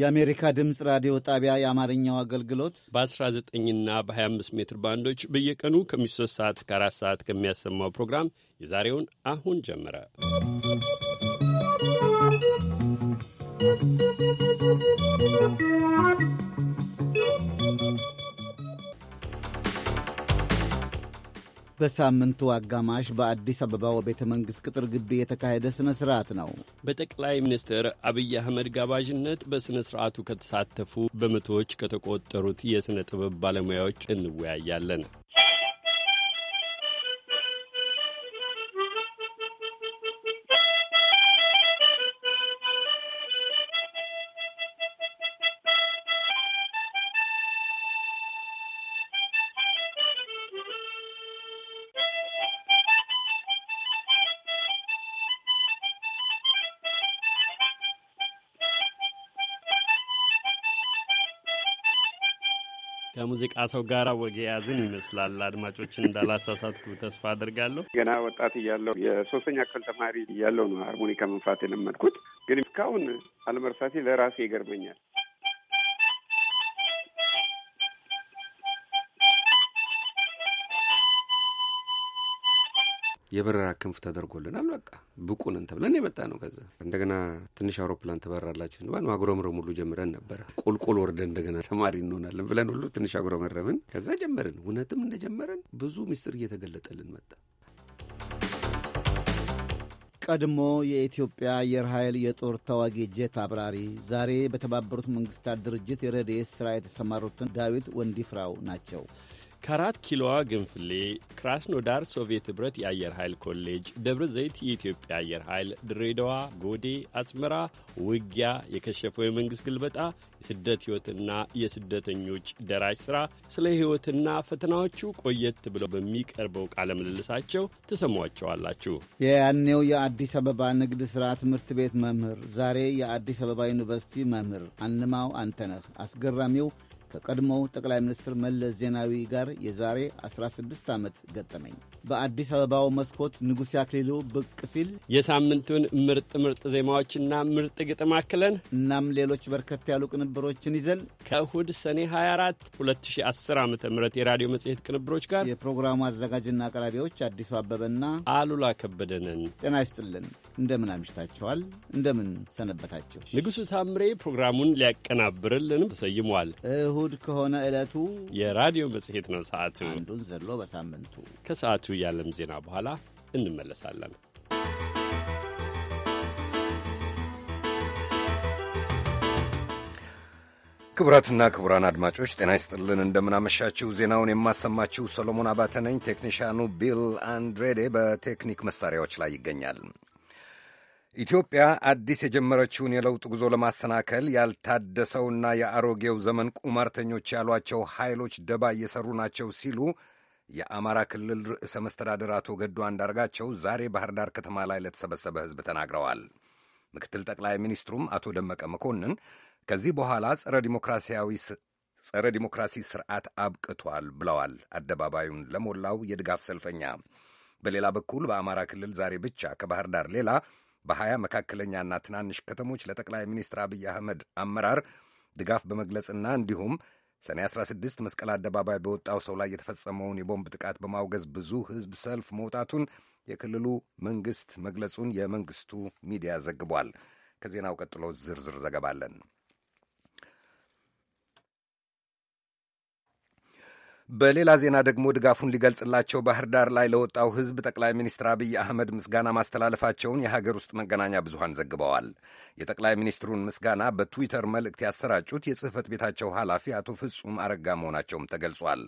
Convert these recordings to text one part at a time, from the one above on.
የአሜሪካ ድምፅ ራዲዮ ጣቢያ የአማርኛው አገልግሎት በ19ና በ25 ሜትር ባንዶች በየቀኑ ከምሽቱ 3 ሰዓት እስከ 4 ሰዓት ከሚያሰማው ፕሮግራም የዛሬውን አሁን ጀመረ። በሳምንቱ አጋማሽ በአዲስ አበባ ወቤተ መንግሥት ቅጥር ግቢ የተካሄደ ሥነ ሥርዓት ነው። በጠቅላይ ሚኒስትር አብይ አህመድ ጋባዥነት በሥነ ሥርዓቱ ከተሳተፉ በመቶዎች ከተቆጠሩት የሥነ ጥበብ ባለሙያዎች እንወያያለን። ከሙዚቃ ሰው ጋር ወግ የያዝን ይመስላል። አድማጮችን እንዳላሳሳትኩ ተስፋ አድርጋለሁ። ገና ወጣት እያለሁ የሶስተኛ ክፍል ተማሪ እያለሁ ነው ሃርሞኒካ መንፋት የለመድኩት። ግን እስካሁን አለመርሳቴ ለራሴ ይገርመኛል። የበረራ ክንፍ ተደርጎልናል። በቃ ብቁንን ተብለን የመጣ ነው። ከዛ እንደገና ትንሽ አውሮፕላን ትበራላችሁ ባን ማጉረምረም ሁሉ ጀምረን ነበረ። ቁልቁል ወርደን እንደገና ተማሪ እንሆናለን ብለን ሁሉ ትንሽ አጉረመረምን። ከዛ ጀመርን። እውነትም እንደጀመረን ብዙ ምስጢር እየተገለጠልን መጣ። ቀድሞ የኢትዮጵያ አየር ኃይል የጦር ተዋጊ ጄት አብራሪ ዛሬ በተባበሩት መንግስታት ድርጅት የረድኤት ሥራ የተሰማሩትን ዳዊት ወንዲፍራው ናቸው። ከአራት ኪሎዋ ግንፍሌ፣ ክራስኖዳር ሶቪየት ኅብረት የአየር ኃይል ኮሌጅ፣ ደብረ ዘይት የኢትዮጵያ አየር ኃይል፣ ድሬዳዋ፣ ጎዴ፣ አስመራ ውጊያ፣ የከሸፈው የመንግሥት ግልበጣ፣ የስደት ሕይወትና የስደተኞች ደራሽ ሥራ፣ ስለ ሕይወትና ፈተናዎቹ ቆየት ብለው በሚቀርበው ቃለ ምልልሳቸው ትሰሟቸዋላችሁ። የያኔው የአዲስ አበባ ንግድ ሥራ ትምህርት ቤት መምህር ዛሬ የአዲስ አበባ ዩኒቨርሲቲ መምህር አንማው አንተነህ አስገራሚው ከቀድሞው ጠቅላይ ሚኒስትር መለስ ዜናዊ ጋር የዛሬ 16 ዓመት ገጠመኝ በአዲስ አበባው መስኮት ንጉሥ ያክሊሉ ብቅ ሲል የሳምንቱን ምርጥ ምርጥ ዜማዎችና ምርጥ ግጥም አክለን እናም ሌሎች በርከት ያሉ ቅንብሮችን ይዘን ከእሁድ ሰኔ 24 2010 ዓ ም የራዲዮ መጽሔት ቅንብሮች ጋር የፕሮግራሙ አዘጋጅና አቅራቢዎች አዲሱ አበበና አሉላ ከበደንን ጤና ይስጥልን። እንደምን አምሽታችኋል? እንደምን ሰነበታችሁ? ንጉሡ ታምሬ ፕሮግራሙን ሊያቀናብርልን ተሰይሟል። እሁድ ከሆነ ዕለቱ የራዲዮ መጽሔት ነው። ሰዓቱ አንዱን ዘሎ በሳምንቱ ከሰዓቱ የዓለም ዜና በኋላ እንመለሳለን። ክቡራትና ክቡራን አድማጮች ጤና ይስጥልን፣ እንደምናመሻችሁ። ዜናውን የማሰማችሁ ሰሎሞን አባተ ነኝ። ቴክኒሽያኑ ቢል አንድሬዴ በቴክኒክ መሳሪያዎች ላይ ይገኛል። ኢትዮጵያ አዲስ የጀመረችውን የለውጥ ጉዞ ለማሰናከል ያልታደሰውና የአሮጌው ዘመን ቁማርተኞች ያሏቸው ኃይሎች ደባ እየሰሩ ናቸው ሲሉ የአማራ ክልል ርዕሰ መስተዳደር አቶ ገዱ አንዳርጋቸው ዛሬ ባህር ዳር ከተማ ላይ ለተሰበሰበ ሕዝብ ተናግረዋል። ምክትል ጠቅላይ ሚኒስትሩም አቶ ደመቀ መኮንን ከዚህ በኋላ ጸረ ዲሞክራሲያዊ ጸረ ዲሞክራሲ ስርዓት አብቅቷል ብለዋል። አደባባዩን ለሞላው የድጋፍ ሰልፈኛ በሌላ በኩል በአማራ ክልል ዛሬ ብቻ ከባህር ዳር ሌላ በሀያ መካከለኛና ትናንሽ ከተሞች ለጠቅላይ ሚኒስትር አብይ አህመድ አመራር ድጋፍ በመግለጽና እንዲሁም ሰኔ 16 መስቀል አደባባይ በወጣው ሰው ላይ የተፈጸመውን የቦምብ ጥቃት በማውገዝ ብዙ ሕዝብ ሰልፍ መውጣቱን የክልሉ መንግስት መግለጹን የመንግስቱ ሚዲያ ዘግቧል። ከዜናው ቀጥሎ ዝርዝር ዘገባለን። በሌላ ዜና ደግሞ ድጋፉን ሊገልጽላቸው ባህር ዳር ላይ ለወጣው ህዝብ ጠቅላይ ሚኒስትር አብይ አህመድ ምስጋና ማስተላለፋቸውን የሀገር ውስጥ መገናኛ ብዙሃን ዘግበዋል። የጠቅላይ ሚኒስትሩን ምስጋና በትዊተር መልእክት ያሰራጩት የጽህፈት ቤታቸው ኃላፊ አቶ ፍጹም አረጋ መሆናቸውም ተገልጿል።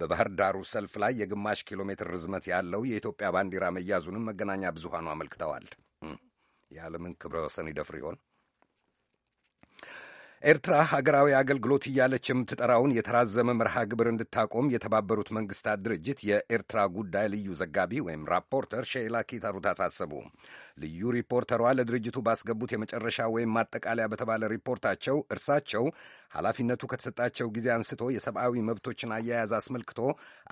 በባህር ዳሩ ሰልፍ ላይ የግማሽ ኪሎ ሜትር ርዝመት ያለው የኢትዮጵያ ባንዲራ መያዙንም መገናኛ ብዙሃኑ አመልክተዋል። የዓለምን ክብረ ወሰን ይደፍር ይሆን? ኤርትራ ሀገራዊ አገልግሎት እያለች የምትጠራውን የተራዘመ መርሃ ግብር እንድታቆም የተባበሩት መንግስታት ድርጅት የኤርትራ ጉዳይ ልዩ ዘጋቢ ወይም ራፖርተር ሼላ ኪታሩት አሳሰቡ። ልዩ ሪፖርተሯ ለድርጅቱ ባስገቡት የመጨረሻ ወይም ማጠቃለያ በተባለ ሪፖርታቸው እርሳቸው ኃላፊነቱ ከተሰጣቸው ጊዜ አንስቶ የሰብአዊ መብቶችን አያያዝ አስመልክቶ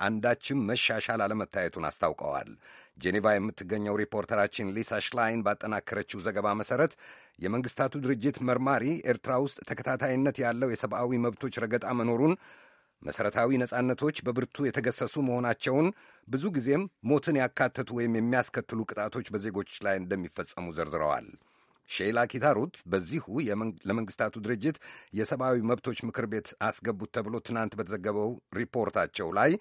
አንዳችም መሻሻል አለመታየቱን አስታውቀዋል። ጄኔቫ የምትገኘው ሪፖርተራችን ሊሳ ሽላይን ባጠናከረችው ዘገባ መሰረት የመንግስታቱ ድርጅት መርማሪ ኤርትራ ውስጥ ተከታታይነት ያለው የሰብአዊ መብቶች ረገጣ መኖሩን፣ መሠረታዊ ነጻነቶች በብርቱ የተገሰሱ መሆናቸውን፣ ብዙ ጊዜም ሞትን ያካተቱ ወይም የሚያስከትሉ ቅጣቶች በዜጎች ላይ እንደሚፈጸሙ ዘርዝረዋል። ሼላ ኪታሩት በዚሁ ለመንግስታቱ ድርጅት የሰብአዊ መብቶች ምክር ቤት አስገቡት ተብሎ ትናንት በተዘገበው ሪፖርታቸው ላይ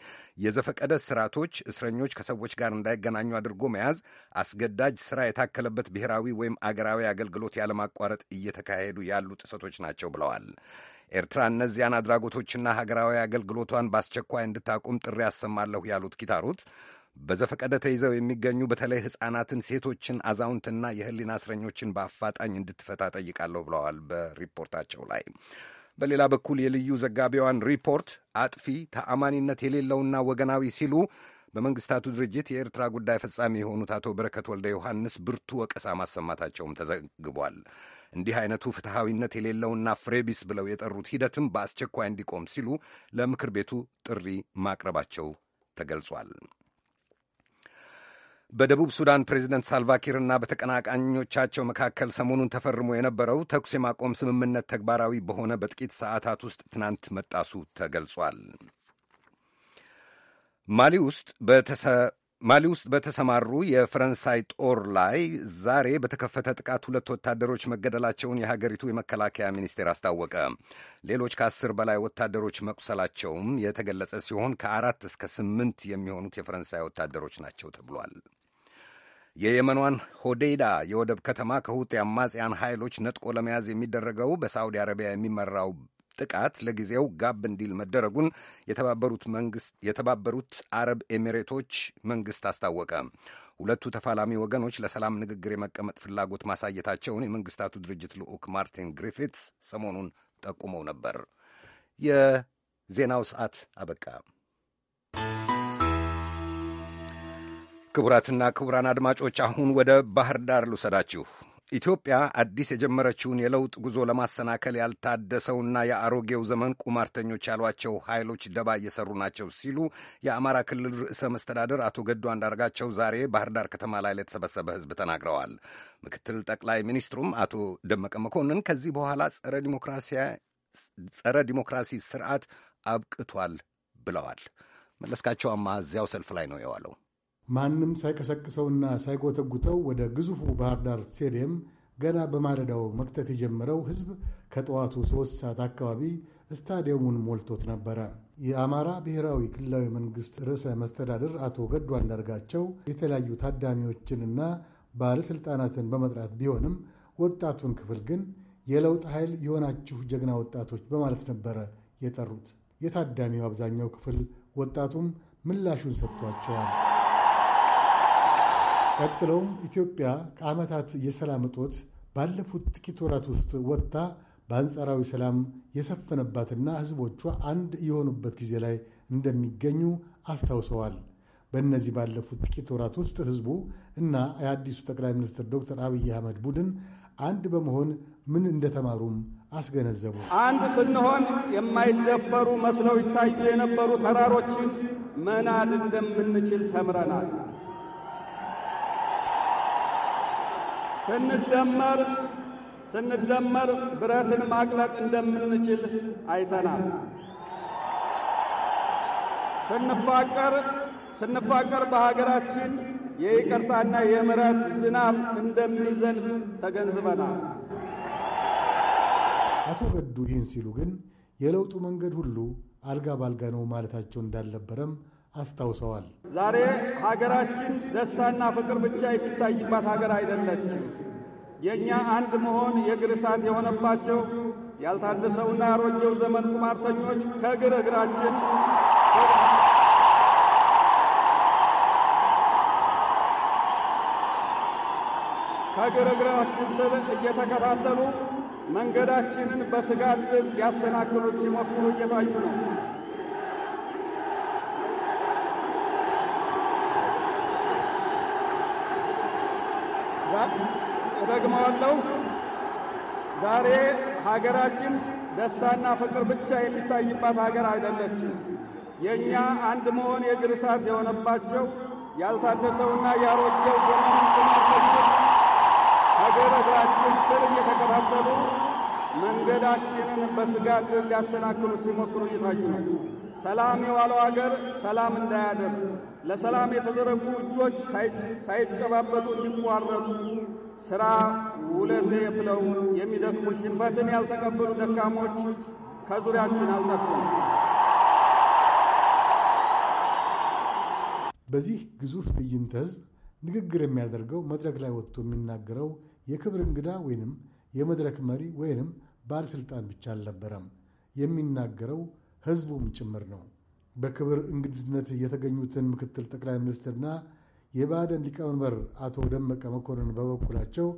የዘፈቀደ ስርዓቶች እስረኞች ከሰዎች ጋር እንዳይገናኙ አድርጎ መያዝ፣ አስገዳጅ ስራ የታከለበት ብሔራዊ ወይም አገራዊ አገልግሎት ያለማቋረጥ እየተካሄዱ ያሉ ጥሰቶች ናቸው ብለዋል። ኤርትራ እነዚያን አድራጎቶችና ሀገራዊ አገልግሎቷን በአስቸኳይ እንድታቁም ጥሪ ያሰማለሁ ያሉት ኪታሩት በዘፈቀደ ተይዘው የሚገኙ በተለይ ሕፃናትን፣ ሴቶችን፣ አዛውንትና የህሊና እስረኞችን በአፋጣኝ እንድትፈታ ጠይቃለሁ ብለዋል በሪፖርታቸው ላይ። በሌላ በኩል የልዩ ዘጋቢዋን ሪፖርት አጥፊ ተአማኒነት የሌለውና ወገናዊ ሲሉ በመንግስታቱ ድርጅት የኤርትራ ጉዳይ ፈጻሚ የሆኑት አቶ በረከት ወልደ ዮሐንስ ብርቱ ወቀሳ ማሰማታቸውም ተዘግቧል። እንዲህ አይነቱ ፍትሐዊነት የሌለውና ፍሬቢስ ብለው የጠሩት ሂደትም በአስቸኳይ እንዲቆም ሲሉ ለምክር ቤቱ ጥሪ ማቅረባቸው ተገልጿል። በደቡብ ሱዳን ፕሬዚደንት ሳልቫኪርና በተቀናቃኞቻቸው መካከል ሰሞኑን ተፈርሞ የነበረው ተኩስ የማቆም ስምምነት ተግባራዊ በሆነ በጥቂት ሰዓታት ውስጥ ትናንት መጣሱ ተገልጿል። ማሊ ውስጥ በተሰማሩ የፈረንሳይ ጦር ላይ ዛሬ በተከፈተ ጥቃት ሁለት ወታደሮች መገደላቸውን የሀገሪቱ የመከላከያ ሚኒስቴር አስታወቀ። ሌሎች ከአስር በላይ ወታደሮች መቁሰላቸውም የተገለጸ ሲሆን ከአራት እስከ ስምንት የሚሆኑት የፈረንሳይ ወታደሮች ናቸው ተብሏል። የየመኗን ሆዴይዳ የወደብ ከተማ ከሁጤ አማጽያን ኃይሎች ነጥቆ ለመያዝ የሚደረገው በሳዑዲ አረቢያ የሚመራው ጥቃት ለጊዜው ጋብ እንዲል መደረጉን የተባበሩት አረብ ኤሚሬቶች መንግስት አስታወቀ። ሁለቱ ተፋላሚ ወገኖች ለሰላም ንግግር የመቀመጥ ፍላጎት ማሳየታቸውን የመንግስታቱ ድርጅት ልዑክ ማርቲን ግሪፊት ሰሞኑን ጠቁመው ነበር። የዜናው ሰዓት አበቃ። ክቡራትና ክቡራን አድማጮች አሁን ወደ ባህር ዳር ልውሰዳችሁ። ኢትዮጵያ አዲስ የጀመረችውን የለውጥ ጉዞ ለማሰናከል ያልታደሰውና የአሮጌው ዘመን ቁማርተኞች ያሏቸው ኃይሎች ደባ እየሰሩ ናቸው ሲሉ የአማራ ክልል ርዕሰ መስተዳደር አቶ ገዱ አንዳርጋቸው ዛሬ ባህር ዳር ከተማ ላይ ለተሰበሰበ ሕዝብ ተናግረዋል። ምክትል ጠቅላይ ሚኒስትሩም አቶ ደመቀ መኮንን ከዚህ በኋላ ጸረ ዲሞክራሲ ስርዓት አብቅቷል ብለዋል። መለስካቸው አማ እዚያው ሰልፍ ላይ ነው የዋለው። ማንም ሳይቀሰቅሰውና ሳይጎተጉተው ወደ ግዙፉ ባህር ዳር ስቴዲየም ገና በማለዳው መክተት የጀመረው ህዝብ ከጠዋቱ ሶስት ሰዓት አካባቢ ስታዲየሙን ሞልቶት ነበረ። የአማራ ብሔራዊ ክልላዊ መንግስት ርዕሰ መስተዳድር አቶ ገዱ አንዳርጋቸው የተለያዩ ታዳሚዎችንና ባለሥልጣናትን በመጥራት ቢሆንም ወጣቱን ክፍል ግን የለውጥ ኃይል የሆናችሁ ጀግና ወጣቶች በማለት ነበረ የጠሩት። የታዳሚው አብዛኛው ክፍል ወጣቱም ምላሹን ሰጥቷቸዋል። ቀጥለውም ኢትዮጵያ ከዓመታት የሰላም እጦት ባለፉት ጥቂት ወራት ውስጥ ወጥታ በአንጻራዊ ሰላም የሰፈነባትና ሕዝቦቿ አንድ የሆኑበት ጊዜ ላይ እንደሚገኙ አስታውሰዋል። በእነዚህ ባለፉት ጥቂት ወራት ውስጥ ሕዝቡ እና የአዲሱ ጠቅላይ ሚኒስትር ዶክተር አብይ አህመድ ቡድን አንድ በመሆን ምን እንደተማሩም አስገነዘቡ። አንድ ስንሆን የማይደፈሩ መስለው ይታዩ የነበሩ ተራሮችን መናድ እንደምንችል ተምረናል። ስንደመር ስንደመር ብረትን ማቅለጥ እንደምንችል አይተናል። ስንፋቀር ስንፋቀር በሀገራችን የይቅርታና የምረት ዝናብ እንደሚዘንብ ተገንዝበናል። አቶ ገዱ ይህን ሲሉ ግን የለውጡ መንገድ ሁሉ አልጋ ባልጋ ነው ማለታቸው እንዳልነበረም አስታውሰዋል። ዛሬ ሀገራችን ደስታና ፍቅር ብቻ የሚታይባት ሀገር አይደለችም። የእኛ አንድ መሆን የእግር እሳት የሆነባቸው ያልታደሰውና አሮጌው ዘመን ቁማርተኞች ከእግር እግራችን ከእግር እግራችን ስር እየተከታተሉ መንገዳችንን በስጋት ሊያሰናክሉት ሲሞክሩ እየታዩ ነው። ደግመዋለሁ። ዛሬ ሀገራችን ደስታና ፍቅር ብቻ የሚታይባት ሀገር አይደለችም። የእኛ አንድ መሆን የእግር እሳት የሆነባቸው ያልታደሰውና ያሮጀው ጎማችን ሀገር እግራችን ስር እየተከታተሉ መንገዳችንን በስጋት ሊያሰናክሉ ሲሞክሩ እየታዩ ነው። ሰላም የዋለው አገር ሰላም እንዳያደር ለሰላም የተዘረጉ እጆች ሳይጨባበጡ እንዲቋረጡ ሥራ ውለት የፍለው የሚደክሙ ሽንፈትን ያልተቀበሉ ደካሞች ከዙሪያችን አልጠፉም። በዚህ ግዙፍ ትዕይንተ ህዝብ ንግግር የሚያደርገው መድረክ ላይ ወጥቶ የሚናገረው የክብር እንግዳ ወይንም የመድረክ መሪ ወይንም ባለሥልጣን ብቻ አልነበረም። የሚናገረው ህዝቡም ጭምር ነው። በክብር እንግድነት የተገኙትን ምክትል ጠቅላይ ሚኒስትርና የባህደን ሊቀመንበር አቶ ደመቀ መኮንን በበኩላቸው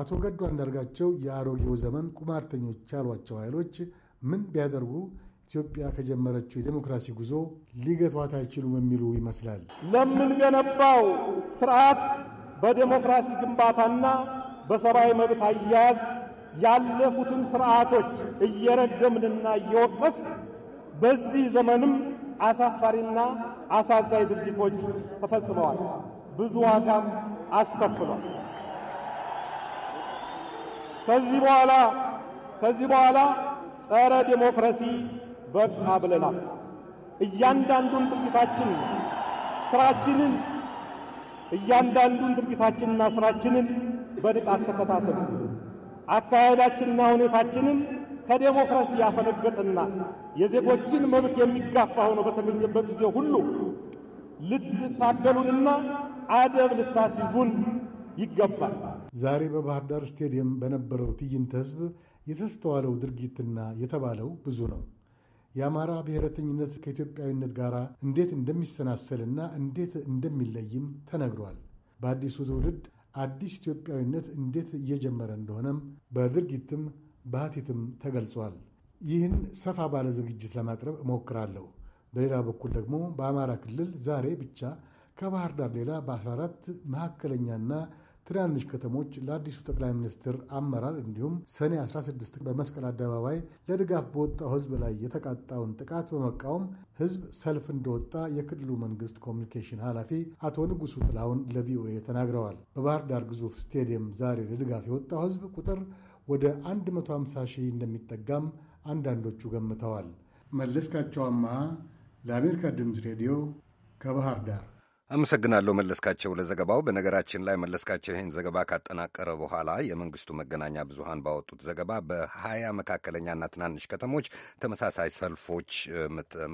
አቶ ገዱ አንዳርጋቸው የአሮጌው ዘመን ቁማርተኞች ያሏቸው ኃይሎች ምን ቢያደርጉ ኢትዮጵያ ከጀመረችው የዴሞክራሲ ጉዞ ሊገቷት አይችሉም የሚሉ ይመስላል። ለምንገነባው ስርዓት በዴሞክራሲ ግንባታና በሰብአዊ መብት አያያዝ ያለፉትን ስርዓቶች እየረገምንና እየወቀስ በዚህ ዘመንም አሳፋሪና አሳዛኝ ድርጊቶች ተፈጽመዋል። ብዙ ዋጋም አስከፍሏል። ከዚህ በኋላ ከዚህ በኋላ ጸረ ዴሞክራሲ በቃ ብለናል። እያንዳንዱን ድርጊታችን ስራችንን እያንዳንዱን ድርጊታችንና ስራችንን በንቃት ተከታተሉ። አካሄዳችንና ሁኔታችንን ከዴሞክራሲ ያፈነገጠና የዜጎችን መብት የሚጋፋ ሆኖ በተገኘበት ጊዜ ሁሉ ልትታገሉንና አደብ ልታስይዙን ይገባል። ዛሬ በባህር ዳር ስቴዲየም በነበረው ትዕይንተ ህዝብ የተስተዋለው ድርጊትና የተባለው ብዙ ነው። የአማራ ብሔረተኝነት ከኢትዮጵያዊነት ጋር እንዴት እንደሚሰናሰልና እንዴት እንደሚለይም ተነግሯል። በአዲሱ ትውልድ አዲስ ኢትዮጵያዊነት እንዴት እየጀመረ እንደሆነም በድርጊትም በሐቲትም ተገልጿል። ይህን ሰፋ ባለ ዝግጅት ለማቅረብ እሞክራለሁ። በሌላ በኩል ደግሞ በአማራ ክልል ዛሬ ብቻ ከባህር ዳር ሌላ በ14 መካከለኛና ትናንሽ ከተሞች ለአዲሱ ጠቅላይ ሚኒስትር አመራር እንዲሁም ሰኔ 16 በመስቀል አደባባይ ለድጋፍ በወጣው ህዝብ ላይ የተቃጣውን ጥቃት በመቃወም ህዝብ ሰልፍ እንደወጣ የክልሉ መንግስት ኮሚኒኬሽን ኃላፊ አቶ ንጉሱ ጥላሁን ለቪኦኤ ተናግረዋል። በባህር ዳር ግዙፍ ስቴዲየም ዛሬ ለድጋፍ የወጣው ሕዝብ ቁጥር ወደ 150 ሺህ እንደሚጠጋም አንዳንዶቹ ገምተዋል። መለስካቸው አማሃ ለአሜሪካ ድምፅ ሬዲዮ ከባህር ዳር አመሰግናለሁ መለስካቸው ለዘገባው። በነገራችን ላይ መለስካቸው ይህን ዘገባ ካጠናቀረ በኋላ የመንግስቱ መገናኛ ብዙሃን ባወጡት ዘገባ በሀያ መካከለኛና ትናንሽ ከተሞች ተመሳሳይ ሰልፎች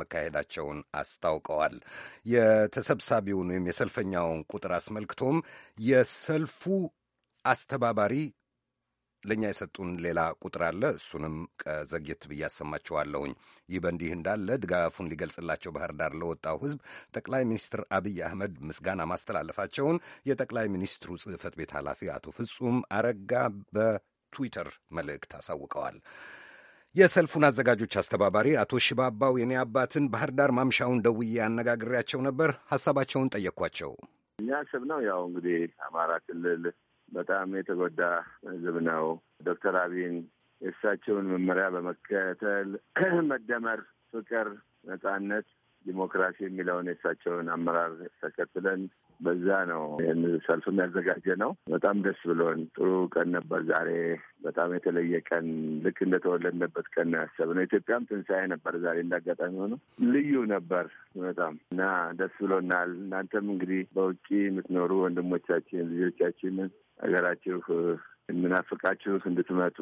መካሄዳቸውን አስታውቀዋል። የተሰብሳቢውን ወይም የሰልፈኛውን ቁጥር አስመልክቶም የሰልፉ አስተባባሪ ለእኛ የሰጡን ሌላ ቁጥር አለ። እሱንም ዘግየት ብዬ አሰማችኋለሁኝ። ይህ በእንዲህ እንዳለ ድጋፉን ሊገልጽላቸው ባህር ዳር ለወጣው ሕዝብ ጠቅላይ ሚኒስትር አብይ አህመድ ምስጋና ማስተላለፋቸውን የጠቅላይ ሚኒስትሩ ጽህፈት ቤት ኃላፊ አቶ ፍጹም አረጋ በትዊተር መልእክት አሳውቀዋል። የሰልፉን አዘጋጆች አስተባባሪ አቶ ሽባባው የኔ አባትን ባህር ዳር ማምሻውን ደውዬ ያነጋግሬያቸው ነበር። ሀሳባቸውን ጠየኳቸው እኛ ነው ያው እንግዲህ አማራ ክልል በጣም የተጎዳ ህዝብ ነው። ዶክተር አብይን የእሳቸውን መመሪያ በመከተል መደመር፣ ፍቅር፣ ነጻነት፣ ዲሞክራሲ የሚለውን የእሳቸውን አመራር ተከትለን በዛ ነው ይህን ሰልፍም ያዘጋጀ ነው። በጣም ደስ ብሎን ጥሩ ቀን ነበር ዛሬ። በጣም የተለየ ቀን ልክ እንደተወለድንበት ቀን ነው ያሰብነው። ኢትዮጵያም ትንሣኤ ነበር ዛሬ እንዳጋጣሚ ሆኖ ልዩ ነበር በጣም እና ደስ ብሎናል። እናንተም እንግዲህ በውጭ የምትኖሩ ወንድሞቻችን ልጆቻችንን ሀገራችሁ እንናፍቃችሁ እንድትመጡ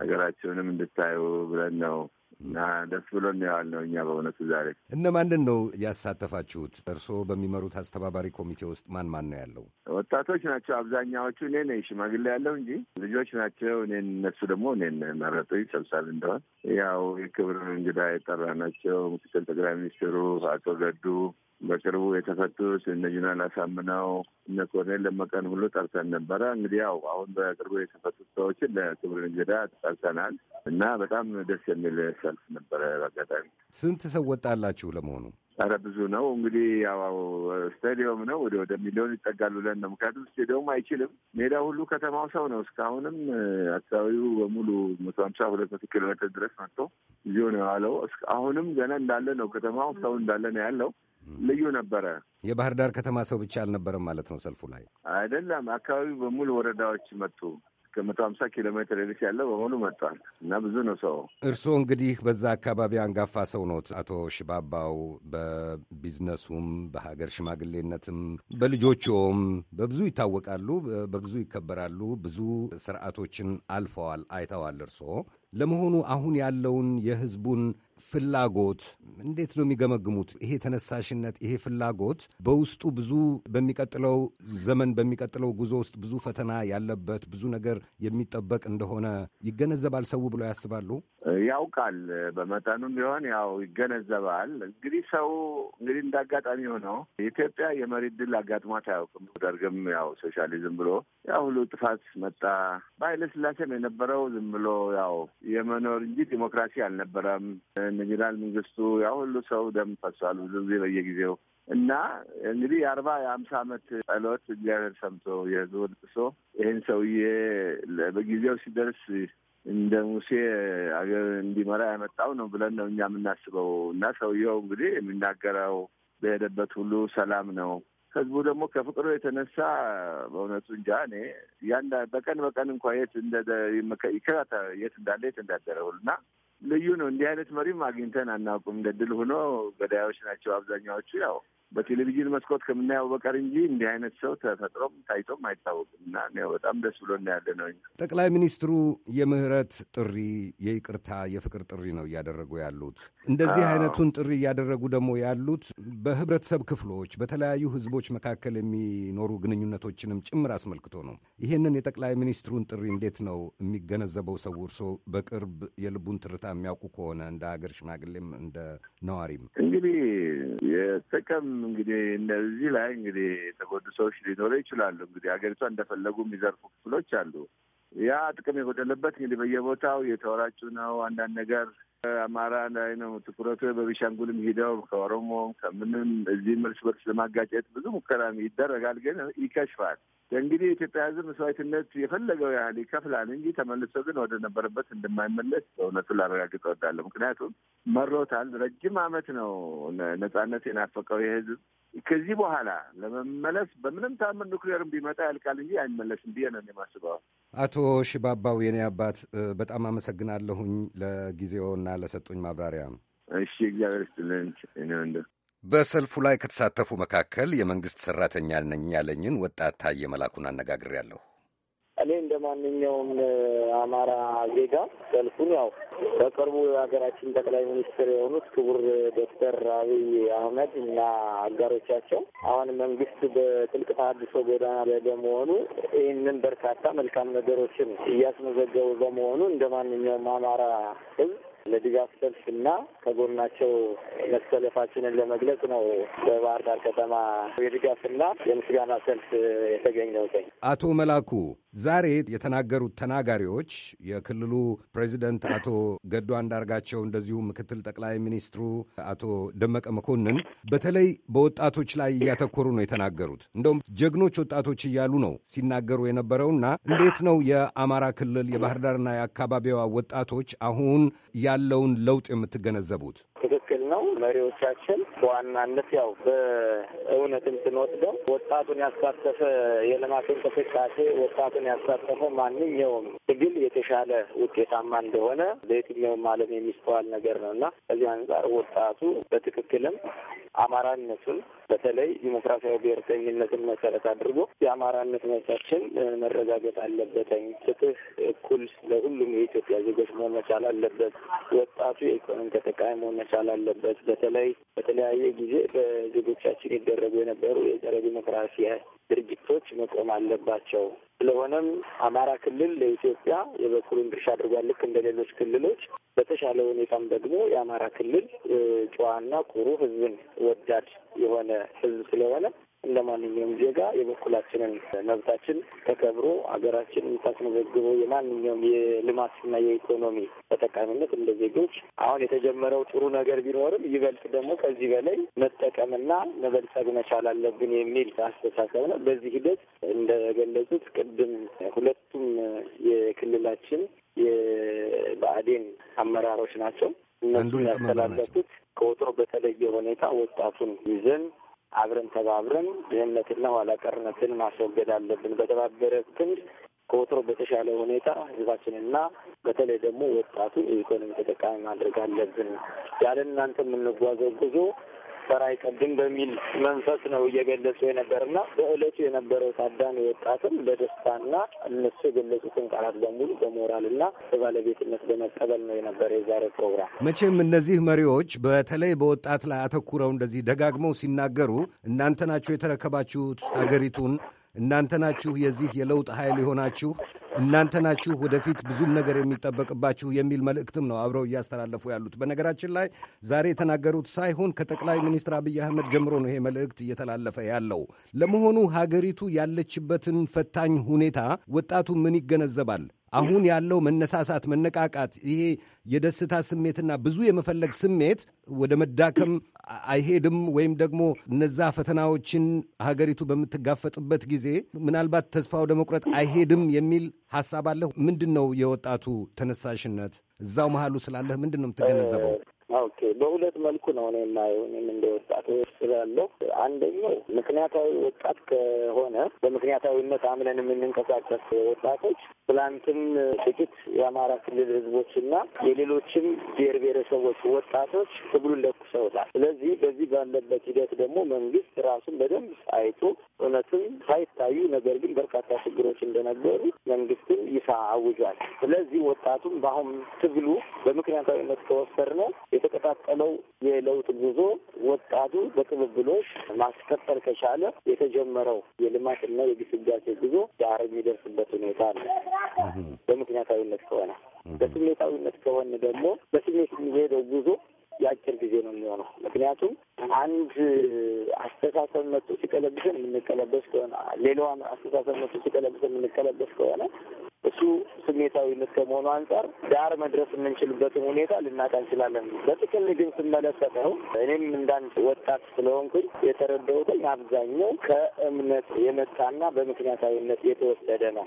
ሀገራችሁንም እንድታዩ ብለን ነው እና ደስ ብሎ ያህል ነው። እኛ በእውነቱ ዛሬ እነማንን ነው ያሳተፋችሁት? እርስዎ በሚመሩት አስተባባሪ ኮሚቴ ውስጥ ማን ማን ነው ያለው? ወጣቶች ናቸው አብዛኛዎቹ። እኔ ነኝ ሽማግሌ ያለው እንጂ ልጆች ናቸው። እኔን እነሱ ደግሞ እኔን መረጡ ሰብሳቢ እንደሆን። ያው የክብር እንግዳ የጠራ ናቸው ምክትል ጠቅላይ ሚኒስትሩ አቶ ገዱ በቅርቡ የተፈቱት እነ ጁናን አሳምነው እነ ኮርኔል ደመቀን ሁሉ ጠርተን ነበረ። እንግዲህ ያው አሁን በቅርቡ የተፈቱት ሰዎችን ለክብር እንግዳ ጠርተናል እና በጣም ደስ የሚል ሰልፍ ነበረ። በአጋጣሚ ስንት ሰው ወጣላችሁ ለመሆኑ? ኧረ ብዙ ነው እንግዲህ ያው ስታዲየም ነው። ወደ ወደ ሚሊዮን ይጠጋሉ ብለን ነው። ምክንያቱም ስታዲየም አይችልም። ሜዳ ሁሉ ከተማው ሰው ነው። እስካሁንም አካባቢው በሙሉ መቶ ሀምሳ ሁለት መቶ ኪሎ ሜትር ድረስ መጥቶ እዚሁ ነው ያለው። አሁንም ገና እንዳለ ነው ከተማው ሰው እንዳለ ነው ያለው ልዩ ነበረ። የባህር ዳር ከተማ ሰው ብቻ አልነበረም ማለት ነው ሰልፉ ላይ አይደለም፣ አካባቢው በሙሉ ወረዳዎች መጡ። ከመቶ ሀምሳ ኪሎ ሜትር ርስ ያለ በሆኑ መጥቷል እና ብዙ ነው ሰው። እርስዎ እንግዲህ በዛ አካባቢ አንጋፋ ሰው ኖት አቶ ሽባባው፣ በቢዝነሱም በሀገር ሽማግሌነትም በልጆችም በብዙ ይታወቃሉ፣ በብዙ ይከበራሉ። ብዙ ስርዓቶችን አልፈዋል፣ አይተዋል። እርስዎ ለመሆኑ አሁን ያለውን የህዝቡን ፍላጎት እንዴት ነው የሚገመግሙት? ይሄ ተነሳሽነት፣ ይሄ ፍላጎት በውስጡ ብዙ በሚቀጥለው ዘመን በሚቀጥለው ጉዞ ውስጥ ብዙ ፈተና ያለበት ብዙ ነገር የሚጠበቅ እንደሆነ ይገነዘባል ሰው ብለው ያስባሉ። ያውቃል፣ በመጠኑም ቢሆን ያው ይገነዘባል። እንግዲህ ሰው እንግዲህ እንደ አጋጣሚ ሆነው ኢትዮጵያ የመሪ ድል አጋጥሟት አያውቅም። ደርግም ያው ሶሻሊዝም ብሎ ያው ሁሉ ጥፋት መጣ። በኃይለ ስላሴም የነበረው ዝም ብሎ ያው የመኖር እንጂ ዲሞክራሲ አልነበረም። ጄኔራል መንግስቱ ያ ሁሉ ሰው ደም ፈሷል ብዙ ጊዜ በየጊዜው እና እንግዲህ የአርባ የአምሳ ዓመት ጸሎት እግዚአብሔር ሰምቶ የህዝቡ ልቅሶ ይህን ሰውዬ በጊዜው ሲደርስ እንደ ሙሴ አገር እንዲመራ ያመጣው ነው ብለን ነው እኛ የምናስበው። እና ሰውየው እንግዲህ የሚናገረው በሄደበት ሁሉ ሰላም ነው። ህዝቡ ደግሞ ከፍቅሩ የተነሳ በእውነቱ እንጃ እኔ ያን በቀን በቀን እንኳ የት የት እንዳለ የት እንዳደረውል እና ልዩ ነው። እንዲህ አይነት መሪም አግኝተን አናውቅም። እንደ ድል ሆኖ ገዳዮች ናቸው አብዛኛዎቹ። ያው በቴሌቪዥን መስኮት ከምናየው በቀር እንጂ እንዲህ አይነት ሰው ተፈጥሮም ታይቶም አይታወቅም እና በጣም ደስ ብሎ እናያለ ነው። ጠቅላይ ሚኒስትሩ የምህረት ጥሪ፣ የይቅርታ፣ የፍቅር ጥሪ ነው እያደረጉ ያሉት። እንደዚህ አይነቱን ጥሪ እያደረጉ ደግሞ ያሉት በህብረተሰብ ክፍሎች፣ በተለያዩ ህዝቦች መካከል የሚኖሩ ግንኙነቶችንም ጭምር አስመልክቶ ነው። ይህንን የጠቅላይ ሚኒስትሩን ጥሪ እንዴት ነው የሚገነዘበው ሰው? እርሶ በቅርብ የልቡን ትርታ የሚያውቁ ከሆነ እንደ ሀገር ሽማግሌም እንደ ነዋሪም እንግዲህ የጥቅም እንግዲህ እነዚህ ላይ እንግዲህ የተጎዱ ሰዎች ሊኖረ ይችላሉ። እንግዲህ ሀገሪቷ እንደፈለጉ የሚዘርፉ ክፍሎች አሉ። ያ ጥቅም የጎደለበት እንግዲህ በየቦታው የተወራጩ ነው። አንዳንድ ነገር አማራ ላይ ነው ትኩረቱ። በቢሻንጉልም ሂደው ከኦሮሞ ከምንም እዚህም እርስ በርስ ለማጋጨት ብዙ ሙከራ ይደረጋል፣ ግን ይከሽፋል። እንግዲህ የኢትዮጵያ ሕዝብ መስዋዕትነት የፈለገው ያህል ይከፍላል እንጂ ተመልሶ ግን ወደ ነበረበት እንደማይመለስ በእውነቱ ላረጋግጥ እወዳለሁ። ምክንያቱም መሮታል። ረጅም ዓመት ነው ነጻነት የናፈቀው የሕዝብ ከዚህ በኋላ ለመመለስ በምንም ታምር ኑክሌርም ቢመጣ ያልቃል እንጂ አይመለስም ብዬ ነው የማስበው። አቶ ሽባባው የኔ አባት በጣም አመሰግናለሁኝ እና ለሰጡኝ ማብራሪያ። እሺ እግዚአብሔር ይስጥልን። በሰልፉ ላይ ከተሳተፉ መካከል የመንግስት ሰራተኛ ነኝ ያለኝን ወጣት ታየ መላኩን አነጋግሬያለሁ። እኔ እንደ ማንኛውም አማራ ዜጋ ሰልፉን ያው በቅርቡ የሀገራችን ጠቅላይ ሚኒስትር የሆኑት ክቡር ዶክተር አብይ አህመድ እና አጋሮቻቸው አሁን መንግስት በጥልቅ ተሃድሶ ጎዳና ላይ በመሆኑ ይህንን በርካታ መልካም ነገሮችን እያስመዘገቡ በመሆኑ እንደ ማንኛውም አማራ ህዝብ ለድጋፍ ሰልፍ እና ከጎናቸው መሰለፋችንን ለመግለጽ ነው በባህር ዳር ከተማ የድጋፍና የምስጋና ሰልፍ የተገኘው። አቶ መላኩ ዛሬ የተናገሩት ተናጋሪዎች የክልሉ ፕሬዚደንት አቶ ገዱ አንዳርጋቸው፣ እንደዚሁ ምክትል ጠቅላይ ሚኒስትሩ አቶ ደመቀ መኮንን በተለይ በወጣቶች ላይ እያተኮሩ ነው የተናገሩት። እንደውም ጀግኖች ወጣቶች እያሉ ነው ሲናገሩ የነበረውና እንዴት ነው የአማራ ክልል የባህር ዳርና የአካባቢዋ ወጣቶች አሁን ያለውን ለውጥ የምትገነዘቡት? ትክክል ነው። መሪዎቻችን በዋናነት ያው በእውነትም ስንወስደው ወጣቱን ያሳተፈ የልማት እንቅስቃሴ ወጣቱን ያሳተፈ ማንኛውም ትግል የተሻለ ውጤታማ እንደሆነ በየትኛውም ዓለም የሚስተዋል ነገር ነው እና ከዚህ አንጻር ወጣቱ በትክክልም አማራነቱን በተለይ ዲሞክራሲያዊ ብሔርተኝነትን መሰረት አድርጎ የአማራነት መብታችን መረጋገጥ አለበትኝ። ፍትህ፣ እኩል ለሁሉም የኢትዮጵያ ዜጎች መሆን መቻል አለበት። ወጣቱ የኢኮኖሚ ተጠቃሚ መሆን መቻል አለበት። በተለይ በተለያየ ጊዜ በዜጎቻችን ይደረጉ የነበሩ የጸረ ዲሞክራሲ ድርጊቶች መቆም አለባቸው። ስለሆነም አማራ ክልል ለኢትዮጵያ የበኩሉን ድርሻ አድርጓል። ልክ እንደ ሌሎች ክልሎች በተሻለ ሁኔታም ደግሞ የአማራ ክልል ጨዋና ቁሩ ሕዝብን ወዳድ የሆነ ሕዝብ ስለሆነ እንደ ማንኛውም ዜጋ የበኩላችንን መብታችን ተከብሮ ሀገራችን የምታስመዘግበው የማንኛውም የልማትና የኢኮኖሚ ተጠቃሚነት እንደ ዜጎች አሁን የተጀመረው ጥሩ ነገር ቢኖርም ይበልጥ ደግሞ ከዚህ በላይ መጠቀምና መበልጸግ መቻል አለብን የሚል አስተሳሰብ ነው። በዚህ ሂደት እንደገለጹት ቅድም ሁለቱም የክልላችን የብአዴን አመራሮች ናቸው። እነሱ ያስተላለፉት ከወትሮ በተለየ ሁኔታ ወጣቱን ይዘን አብረን ተባብረን ድህነትና ኋላ ቀርነትን ማስወገድ አለብን። በተባበረ ክንድ ከወትሮ በተሻለ ሁኔታ ህዝባችንና በተለይ ደግሞ ወጣቱ የኢኮኖሚ ተጠቃሚ ማድረግ አለብን። ያለ እናንተ የምንጓዘው ጉዞ ሳይፈራ አይቀድም በሚል መንፈስ ነው እየገለጹ የነበርና በእለቱ የነበረው ታዳሚ ወጣትም በደስታና እነሱ የገለጹትን ቃላት በሙሉ በሞራልና በባለቤትነት በመቀበል ነው የነበረ የዛሬ ፕሮግራም። መቼም እነዚህ መሪዎች በተለይ በወጣት ላይ አተኩረው እንደዚህ ደጋግመው ሲናገሩ እናንተ ናቸው የተረከባችሁት አገሪቱን እናንተ ናችሁ የዚህ የለውጥ ኃይል የሆናችሁ እናንተ ናችሁ ወደፊት ብዙም ነገር የሚጠበቅባችሁ የሚል መልእክትም ነው አብረው እያስተላለፉ ያሉት። በነገራችን ላይ ዛሬ የተናገሩት ሳይሆን ከጠቅላይ ሚኒስትር አብይ አህመድ ጀምሮ ነው ይሄ መልእክት እየተላለፈ ያለው። ለመሆኑ ሀገሪቱ ያለችበትን ፈታኝ ሁኔታ ወጣቱ ምን ይገነዘባል? አሁን ያለው መነሳሳት፣ መነቃቃት፣ ይሄ የደስታ ስሜትና ብዙ የመፈለግ ስሜት ወደ መዳከም አይሄድም ወይም ደግሞ እነዛ ፈተናዎችን ሀገሪቱ በምትጋፈጥበት ጊዜ ምናልባት ተስፋ ወደ መቁረጥ አይሄድም የሚል ሀሳብ አለሁ። ምንድን ነው የወጣቱ ተነሳሽነት? እዛው መሀሉ ስላለህ ምንድን ነው የምትገነዘበው? ኦኬ፣ በሁለት መልኩ ነው እኔ የማየው። እኔም እንደ ወጣት ውስጥ ያለው አንደኛው ምክንያታዊ ወጣት ከሆነ በምክንያታዊነት አምነን የምንንቀሳቀስ ወጣቶች ትላንትም ጥቂት የአማራ ክልል ህዝቦችና የሌሎችም ብሔር ብሔረሰቦች ወጣቶች ትግሉን ለኩሰውታል። ስለዚህ በዚህ ባለበት ሂደት ደግሞ መንግስት ራሱን በደንብ አይቶ እውነትም ሳይታዩ ነገር ግን በርካታ ችግሮች እንደነበሩ መንግስትን ይፋ አውጇል። ስለዚህ ወጣቱም በአሁን ትግሉ በምክንያታዊነት ነው የተቀጣጠለው የለውጥ ጉዞ ወጣቱ በቅብብሎች ማስቀጠል ከቻለ የተጀመረው የልማትና የግስጋሴ ጉዞ ዳር የሚደርስበት ሁኔታ አለ። በምክንያታዊነት ከሆነ በስሜታዊነት ከሆነ ደግሞ በስሜት የሚሄደው ጉዞ የአጭር ጊዜ ነው የሚሆነው። ምክንያቱም አንድ አስተሳሰብ መጥቶ ሲቀለብሰን የምንቀለበስ ከሆነ ሌላዋን አስተሳሰብ መጥቶ ሲቀለብሰን የምንቀለበስ ከሆነ እሱ ስሜታዊነት ከመሆኑ አንጻር ዳር መድረስ የምንችልበትን ሁኔታ ልናጣ እንችላለን። በጥቅል ግን ስመለከተው እኔም እንዳንድ ወጣት ስለሆንኩኝ የተረዳሁትኝ አብዛኛው ከእምነት የመጣና በምክንያታዊነት የተወሰደ ነው።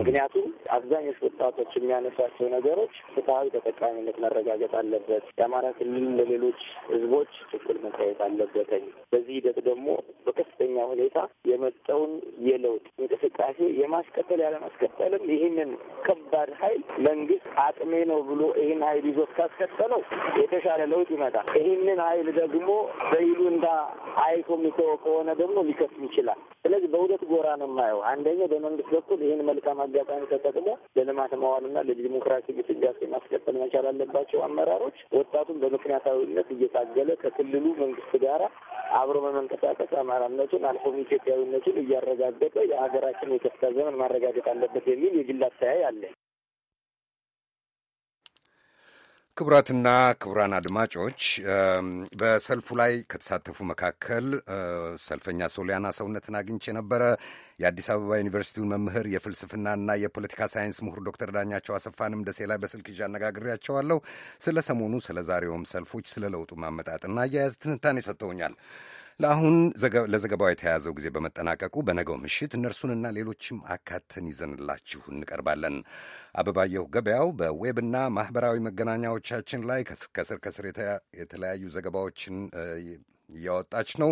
ምክንያቱም አብዛኞች ወጣቶች የሚያነሷቸው ነገሮች ፍትሐዊ ተጠቃሚነት መረጋገጥ አለበት፣ የአማራ ክልል ለሌሎች ህዝቦች እኩል መታየት አለበትኝ። በዚህ ሂደት ደግሞ በከፍተኛ ሁኔታ የመጣውን የለውጥ እንቅስቃሴ የማስቀጠል ያለማስቀጠልም ይህን ይህንን ከባድ ኃይል መንግስት አቅሜ ነው ብሎ ይህን ኃይል ይዞት ካስከተለው የተሻለ ለውጥ ይመጣል። ይህንን ኃይል ደግሞ በይሉንታ አይቶ የሚተወው ከሆነ ደግሞ ሊከስም ይችላል። ስለዚህ በሁለት ጎራ ነው የማየው። አንደኛው በመንግስት በኩል ይህን መልካም አጋጣሚ ተጠቅሞ ለልማት መዋልና ለዲሞክራሲ ግስጋሴ ማስቀጠል መቻል አለባቸው አመራሮች። ወጣቱን በምክንያታዊነት እየታገለ ከክልሉ መንግስት ጋራ አብሮ በመንቀሳቀስ አማራነቱን አልፎም ኢትዮጵያዊነቱን እያረጋገጠ የሀገራችን የከፍታ ዘመን ማረጋገጥ አለበት የሚል የግል የሚል አስተያይ አለኝ። ክቡራትና ክቡራን አድማጮች በሰልፉ ላይ ከተሳተፉ መካከል ሰልፈኛ ሶሊያና ሰውነትን አግኝቼ ነበረ። የአዲስ አበባ ዩኒቨርሲቲውን መምህር የፍልስፍናና የፖለቲካ ሳይንስ ምሁር ዶክተር ዳኛቸው አሰፋንም ደሴ ላይ በስልክ ይዤ አነጋግሬያቸዋለሁ። ስለ ሰሞኑ፣ ስለ ዛሬውም ሰልፎች፣ ስለ ለውጡ ማመጣጥና አያያዝ ትንታኔ ሰጥተውኛል። ለአሁን ለዘገባው የተያዘው ጊዜ በመጠናቀቁ በነገው ምሽት እነርሱንና ሌሎችም አካተን ይዘንላችሁ እንቀርባለን። አበባየሁ ገበያው በዌብና ማኅበራዊ መገናኛዎቻችን ላይ ከስር ከስር የተለያዩ ዘገባዎችን እያወጣች ነው።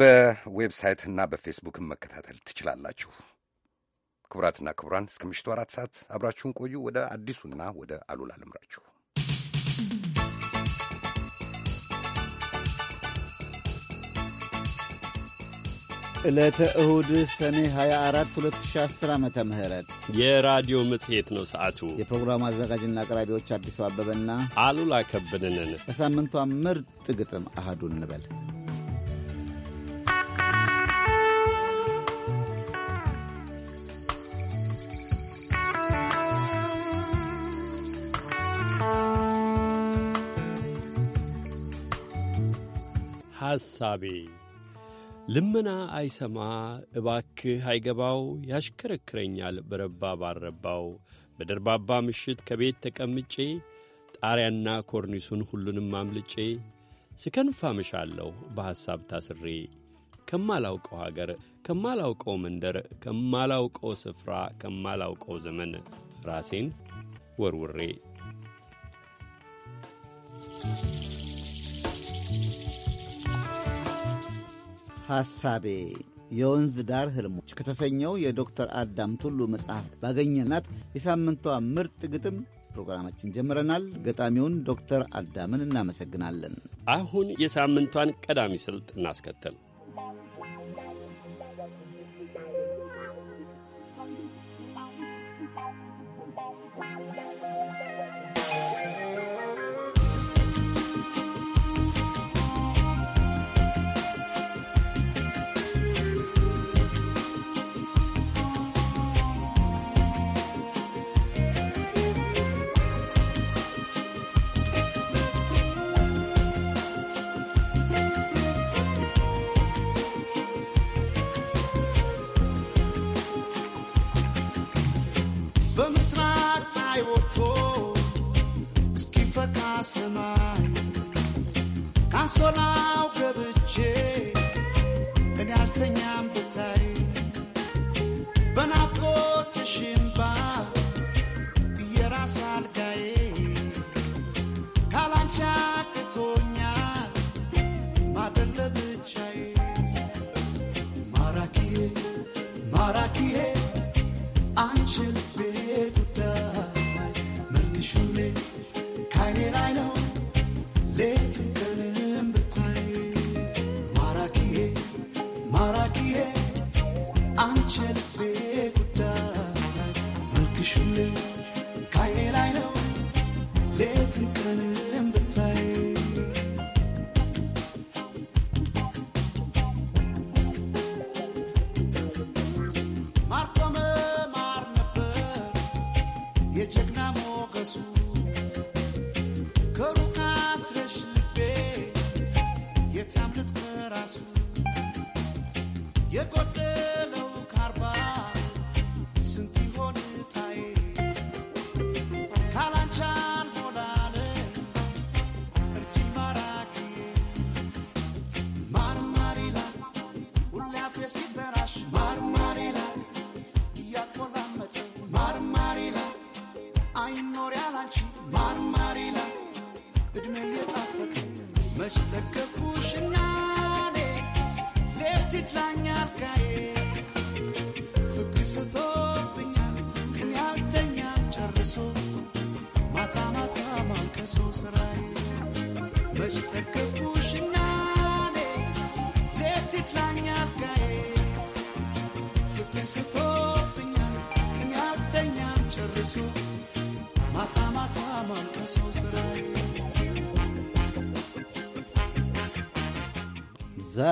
በዌብሳይትና በፌስቡክም መከታተል ትችላላችሁ። ክቡራትና ክቡራን እስከ ምሽቱ አራት ሰዓት አብራችሁን ቆዩ። ወደ አዲሱና ወደ አሉላ ልምራችሁ። ዕለተ እሁድ ሰኔ 24 2010 ዓ ም የራዲዮ መጽሔት ነው ሰዓቱ። የፕሮግራሙ አዘጋጅና አቅራቢዎች አዲሱ አበበና አሉላ ከበደንን ከሳምንቷ ምርጥ ግጥም አህዱን እንበል ሐሳቤ ልመና አይሰማ እባክህ አይገባው ያሽከረክረኛል በረባ ባረባው በደርባባ ምሽት ከቤት ተቀምጬ ጣሪያና ኮርኒሱን ሁሉንም አምልጬ ስከንፋ ምሻለሁ በሐሳብ ታስሬ ከማላውቀው አገር ከማላውቀው መንደር ከማላውቀው ስፍራ ከማላውቀው ዘመን ራሴን ወርውሬ ሐሳቤ የወንዝ ዳር ህልሞች ከተሰኘው የዶክተር አዳም ቱሉ መጽሐፍ ባገኘናት የሳምንቷ ምርጥ ግጥም ፕሮግራማችን ጀምረናል። ገጣሚውን ዶክተር አዳምን እናመሰግናለን። አሁን የሳምንቷን ቀዳሚ ስልት እናስከተል።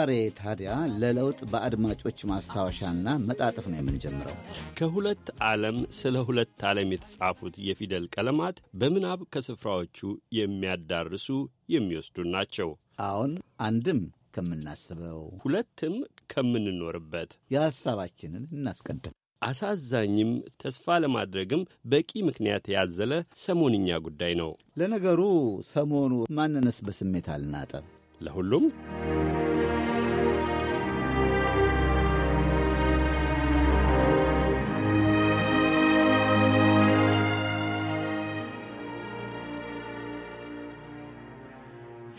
ዛሬ ታዲያ ለለውጥ በአድማጮች ማስታወሻና መጣጥፍ ነው የምንጀምረው። ከሁለት ዓለም ስለ ሁለት ዓለም የተጻፉት የፊደል ቀለማት በምናብ ከስፍራዎቹ የሚያዳርሱ የሚወስዱን ናቸው። አሁን አንድም ከምናስበው ሁለትም ከምንኖርበት የሐሳባችንን እናስቀድም። አሳዛኝም ተስፋ ለማድረግም በቂ ምክንያት ያዘለ ሰሞንኛ ጉዳይ ነው። ለነገሩ ሰሞኑ ማንነስ በስሜት አልናጠ ለሁሉም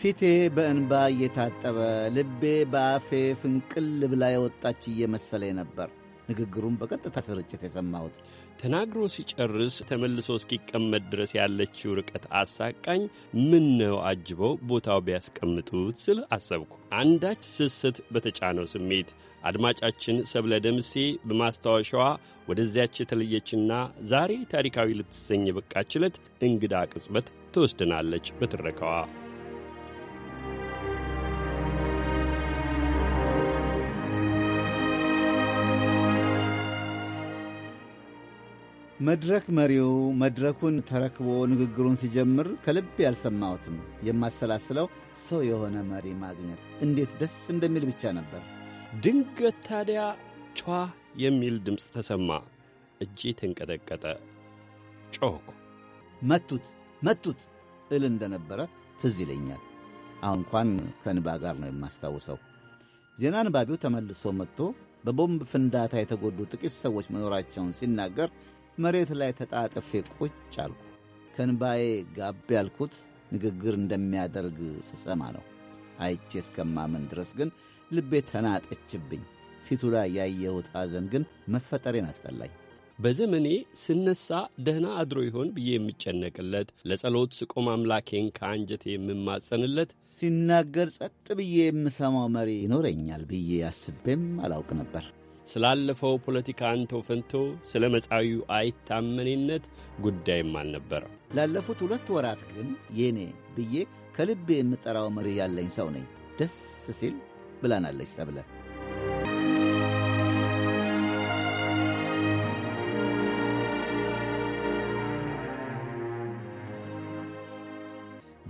ፊቴ በእንባ እየታጠበ ልቤ በአፌ ፍንቅል ብላ የወጣች እየመሰለኝ ነበር። ንግግሩን በቀጥታ ስርጭት የሰማሁት ተናግሮ ሲጨርስ ተመልሶ እስኪቀመጥ ድረስ ያለችው ርቀት አሳቃኝ ምን ነው አጅበው ቦታው ቢያስቀምጡት ስል አሰብኩ። አንዳች ስስት በተጫነው ስሜት አድማጫችን ሰብለ ደምሴ በማስታወሻዋ ወደዚያች የተለየችና ዛሬ ታሪካዊ ልትሰኝ የበቃችለት እንግዳ ቅጽበት ትወስድናለች በትረካዋ። መድረክ መሪው መድረኩን ተረክቦ ንግግሩን ሲጀምር ከልብ ያልሰማሁትም የማሰላስለው ሰው የሆነ መሪ ማግኘት እንዴት ደስ እንደሚል ብቻ ነበር። ድንገት ታዲያ ቿ የሚል ድምፅ ተሰማ። እጄ ተንቀጠቀጠ። ጮክ መቱት መቱት እል እንደነበረ ትዝ ይለኛል። አሁን እንኳን ከንባ ጋር ነው የማስታውሰው። ዜና አንባቢው ተመልሶ መጥቶ በቦምብ ፍንዳታ የተጎዱ ጥቂት ሰዎች መኖራቸውን ሲናገር መሬት ላይ ተጣጥፌ ቁጭ አልኩ። ከንባዬ ጋብ ያልኩት ንግግር እንደሚያደርግ ስሰማ ነው። አይቼ እስከማመን ድረስ ግን ልቤ ተናጠችብኝ። ፊቱ ላይ ያየሁት ሐዘን ግን መፈጠሬን አስጠላኝ። በዘመኔ ስነሳ ደህና አድሮ ይሆን ብዬ የምጨነቅለት ለጸሎት ስቆም አምላኬን ከአንጀቴ የምማጸንለት ሲናገር ጸጥ ብዬ የምሰማው መሪ ይኖረኛል ብዬ አስቤም አላውቅ ነበር። ስላለፈው ፖለቲካ አንተው ፈንቶ ስለ መጻዊው አይታመኔነት ጉዳይም አልነበረ። ላለፉት ሁለት ወራት ግን የኔ ብዬ ከልቤ የምጠራው መሪ ያለኝ ሰው ነኝ ደስ ሲል ብላናለች ሰብለ።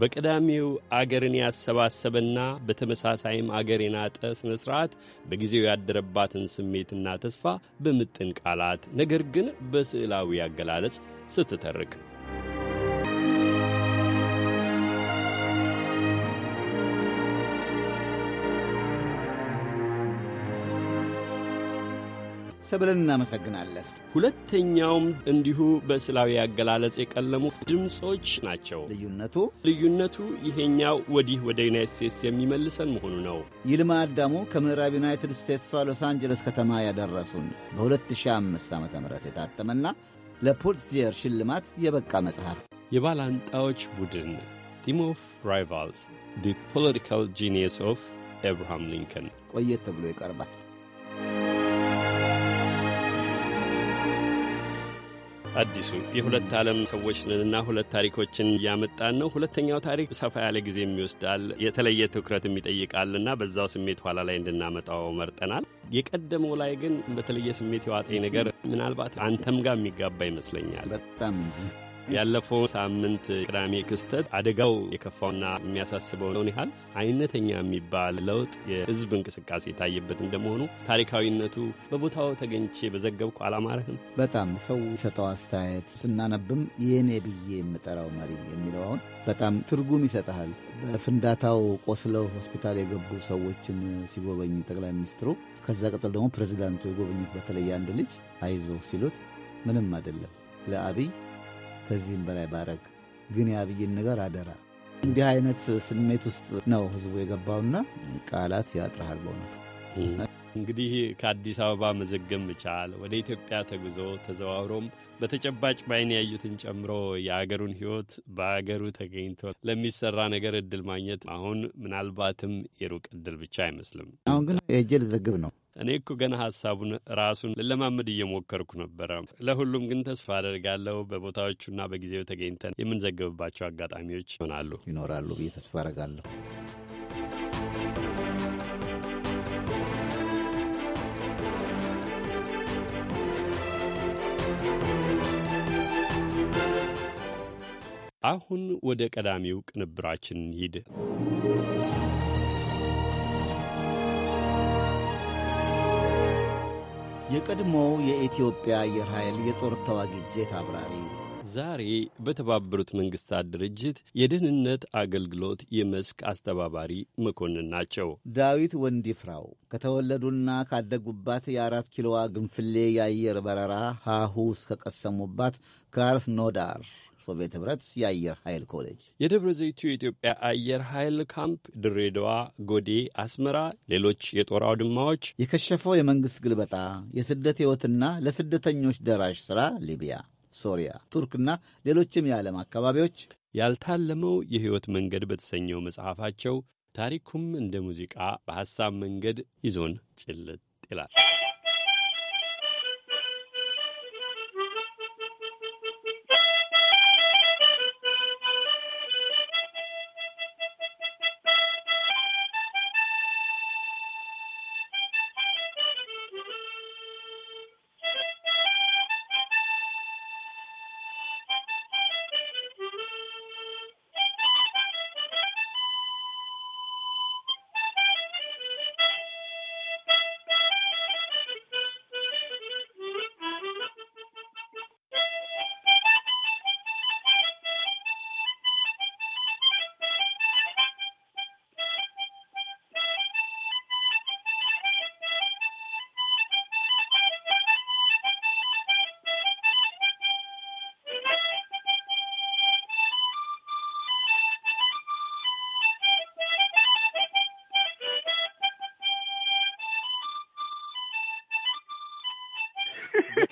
በቀዳሚው አገርን ያሰባሰበና በተመሳሳይም አገር የናጠ ሥነ ሥርዓት በጊዜው ያደረባትን ስሜትና ተስፋ በምጥን ቃላት ነገር ግን በስዕላዊ አገላለጽ ስትተርክ ብለን እናመሰግናለን። ሁለተኛውም እንዲሁ በስላዊ አገላለጽ የቀለሙ ድምፆች ናቸው። ልዩነቱ ልዩነቱ ይሄኛው ወዲህ ወደ ዩናይት ስቴትስ የሚመልሰን መሆኑ ነው። ይልማ አዳሙ ከምዕራብ ዩናይትድ ስቴትሷ ሎስ አንጀለስ ከተማ ያደረሱን በ2005 ዓ ም የታተመና ለፑሊትዘር ሽልማት የበቃ መጽሐፍ የባላንጣዎች ቡድን ቲም ኦፍ ራይቫልስ ፖለቲካል ጂኒየስ ኦፍ ኤብርሃም ሊንከን ቆየት ተብሎ ይቀርባል። አዲሱ የሁለት ዓለም ሰዎች ነንና ሁለት ታሪኮችን እያመጣን ነው። ሁለተኛው ታሪክ ሰፋ ያለ ጊዜ የሚወስዳል፣ የተለየ ትኩረትም ይጠይቃልና በዛው ስሜት ኋላ ላይ እንድናመጣው መርጠናል። የቀደመው ላይ ግን በተለየ ስሜት የዋጠኝ ነገር ምናልባት አንተም ጋር የሚጋባ ይመስለኛል። በጣም እንጂ ያለፈው ሳምንት ቅዳሜ ክስተት አደጋው የከፋውና ነውን ያህል አይነተኛ የሚባል ለውጥ የህዝብ እንቅስቃሴ የታየበት እንደመሆኑ ታሪካዊነቱ በቦታው ተገኝቼ በዘገብኩ አላማረህም? በጣም ሰው ሰጠው አስተያየት ስናነብም የኔ ብዬ የምጠራው መሪ የሚለው አሁን በጣም ትርጉም ይሰጠሃል። በፍንዳታው ቆስለው ሆስፒታል የገቡ ሰዎችን ሲጎበኝ ጠቅላይ ሚኒስትሩ፣ ከዛ ቀጥል ደግሞ ፕሬዚዳንቱ የጎበኙት በተለይ አንድ ልጅ አይዞ ሲሉት ምንም አይደለም ለአብይ ከዚህም በላይ ባረግ ግን የአብይን ነገር አደራ። እንዲህ አይነት ስሜት ውስጥ ነው ህዝቡ የገባውና ቃላት ያጥርሃል በእውነቱ። እንግዲህ ከአዲስ አበባ መዘገብ መቻል ወደ ኢትዮጵያ ተጉዞ ተዘዋውሮም በተጨባጭ ባይን ያዩትን ጨምሮ የአገሩን ህይወት በአገሩ ተገኝቶ ለሚሰራ ነገር እድል ማግኘት አሁን ምናልባትም የሩቅ እድል ብቻ አይመስልም። አሁን ግን የእጄ ልዘግብ ነው እኔ እኮ ገና ሀሳቡን ራሱን ለማመድ እየሞከርኩ ነበረ። ለሁሉም ግን ተስፋ አደርጋለሁ በቦታዎቹና በጊዜው ተገኝተን የምንዘገብባቸው አጋጣሚዎች ይሆናሉ ይኖራሉ ብዬ ተስፋ አደርጋለሁ። አሁን ወደ ቀዳሚው ቅንብራችን ሂድ። የቀድሞው የኢትዮጵያ አየር ኃይል የጦር ተዋጊ ጄት አብራሪ ዛሬ በተባበሩት መንግስታት ድርጅት የደህንነት አገልግሎት የመስክ አስተባባሪ መኮንን ናቸው። ዳዊት ወንዲፍራው ከተወለዱና ካደጉባት የአራት ኪሎዋ ግንፍሌ የአየር በረራ ሀሁ እስከቀሰሙባት ክላርስ ኖዳር ሶቪየት ህብረት የአየር ኃይል ኮሌጅ የደብረ ዘይቱ የኢትዮጵያ አየር ኃይል ካምፕ ድሬዳዋ፣ ጎዴ፣ አስመራ፣ ሌሎች የጦር አውድማዎች፣ የከሸፈው የመንግሥት ግልበጣ፣ የስደት ሕይወትና ለስደተኞች ደራሽ ሥራ ሊቢያ፣ ሶሪያ፣ ቱርክና ሌሎችም የዓለም አካባቢዎች ያልታለመው የሕይወት መንገድ በተሰኘው መጽሐፋቸው ታሪኩም እንደ ሙዚቃ በሐሳብ መንገድ ይዞን ጭልጥ ይላል።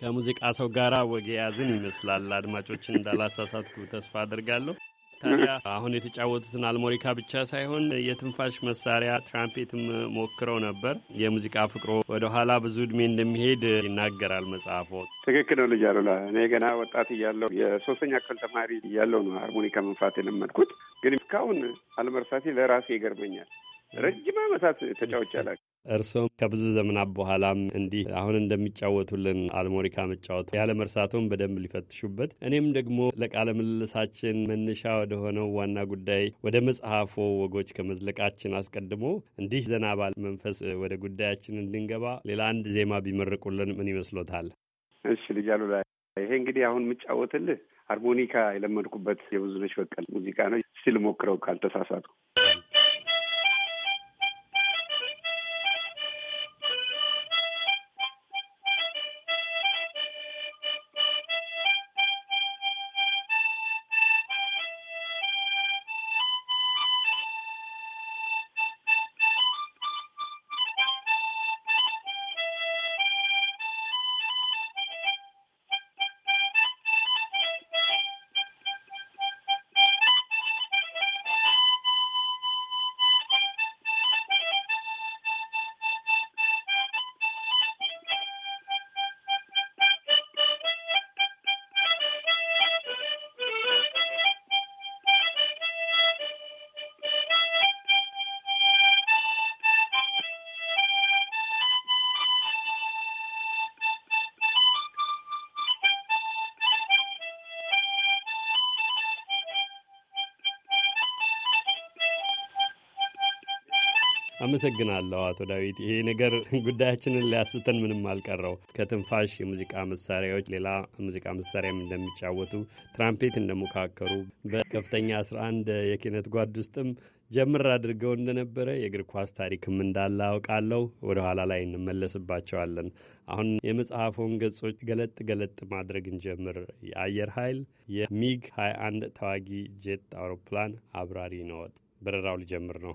ከሙዚቃ ሰው ጋር ወግ የያዝን ይመስላል። አድማጮችን እንዳላሳሳትኩ ተስፋ አድርጋለሁ። ታዲያ አሁን የተጫወቱትን አልሞሪካ ብቻ ሳይሆን የትንፋሽ መሳሪያ ትራምፔትም ሞክረው ነበር። የሙዚቃ ፍቅሮ ወደኋላ ብዙ እድሜ እንደሚሄድ ይናገራል መጽሐፎ። ትክክል ነው ልጅ አሉላ። እኔ ገና ወጣት እያለው የሶስተኛ ክፍል ተማሪ እያለው ነው ሃርሞኒካ መንፋት የለመድኩት። ግን እስካሁን አለመርሳቴ ለራሴ ይገርመኛል። ረጅም ዓመታት ተጫውቻለሁ። እርስዎም ከብዙ ዘመናት በኋላም እንዲህ አሁን እንደሚጫወቱልን አልሞሪካ መጫወት ያለ መርሳቶም በደንብ ሊፈትሹበት እኔም ደግሞ ለቃለ ምልልሳችን መነሻ ወደሆነው ዋና ጉዳይ ወደ መጽሐፎ ወጎች ከመዝለቃችን አስቀድሞ እንዲህ ዘና ባለ መንፈስ ወደ ጉዳያችን እንድንገባ ሌላ አንድ ዜማ ቢመርቁልን ምን ይመስሎታል? እሺ ልጃሉ ላይ ይሄ እንግዲህ አሁን የምጫወትልህ ሃርሞኒካ የለመድኩበት የብዙነሽ በቀል ሙዚቃ ነው። እስቲ ልሞክረው ካልተሳሳቱ አመሰግናለሁ አቶ ዳዊት። ይሄ ነገር ጉዳያችንን ሊያስተን ምንም አልቀረው። ከትንፋሽ የሙዚቃ መሳሪያዎች ሌላ ሙዚቃ መሳሪያም እንደሚጫወቱ ትራምፔት እንደሞካከሩ በከፍተኛ 11 የኪነት ጓድ ውስጥም ጀምር አድርገው እንደነበረ የእግር ኳስ ታሪክም እንዳለ አውቃለሁ። ወደ ኋላ ላይ እንመለስባቸዋለን። አሁን የመጽሐፉን ገጾች ገለጥ ገለጥ ማድረግ እንጀምር። የአየር ኃይል የሚግ 21 ተዋጊ ጄት አውሮፕላን አብራሪ ነዎት። በረራው ሊጀምር ነው።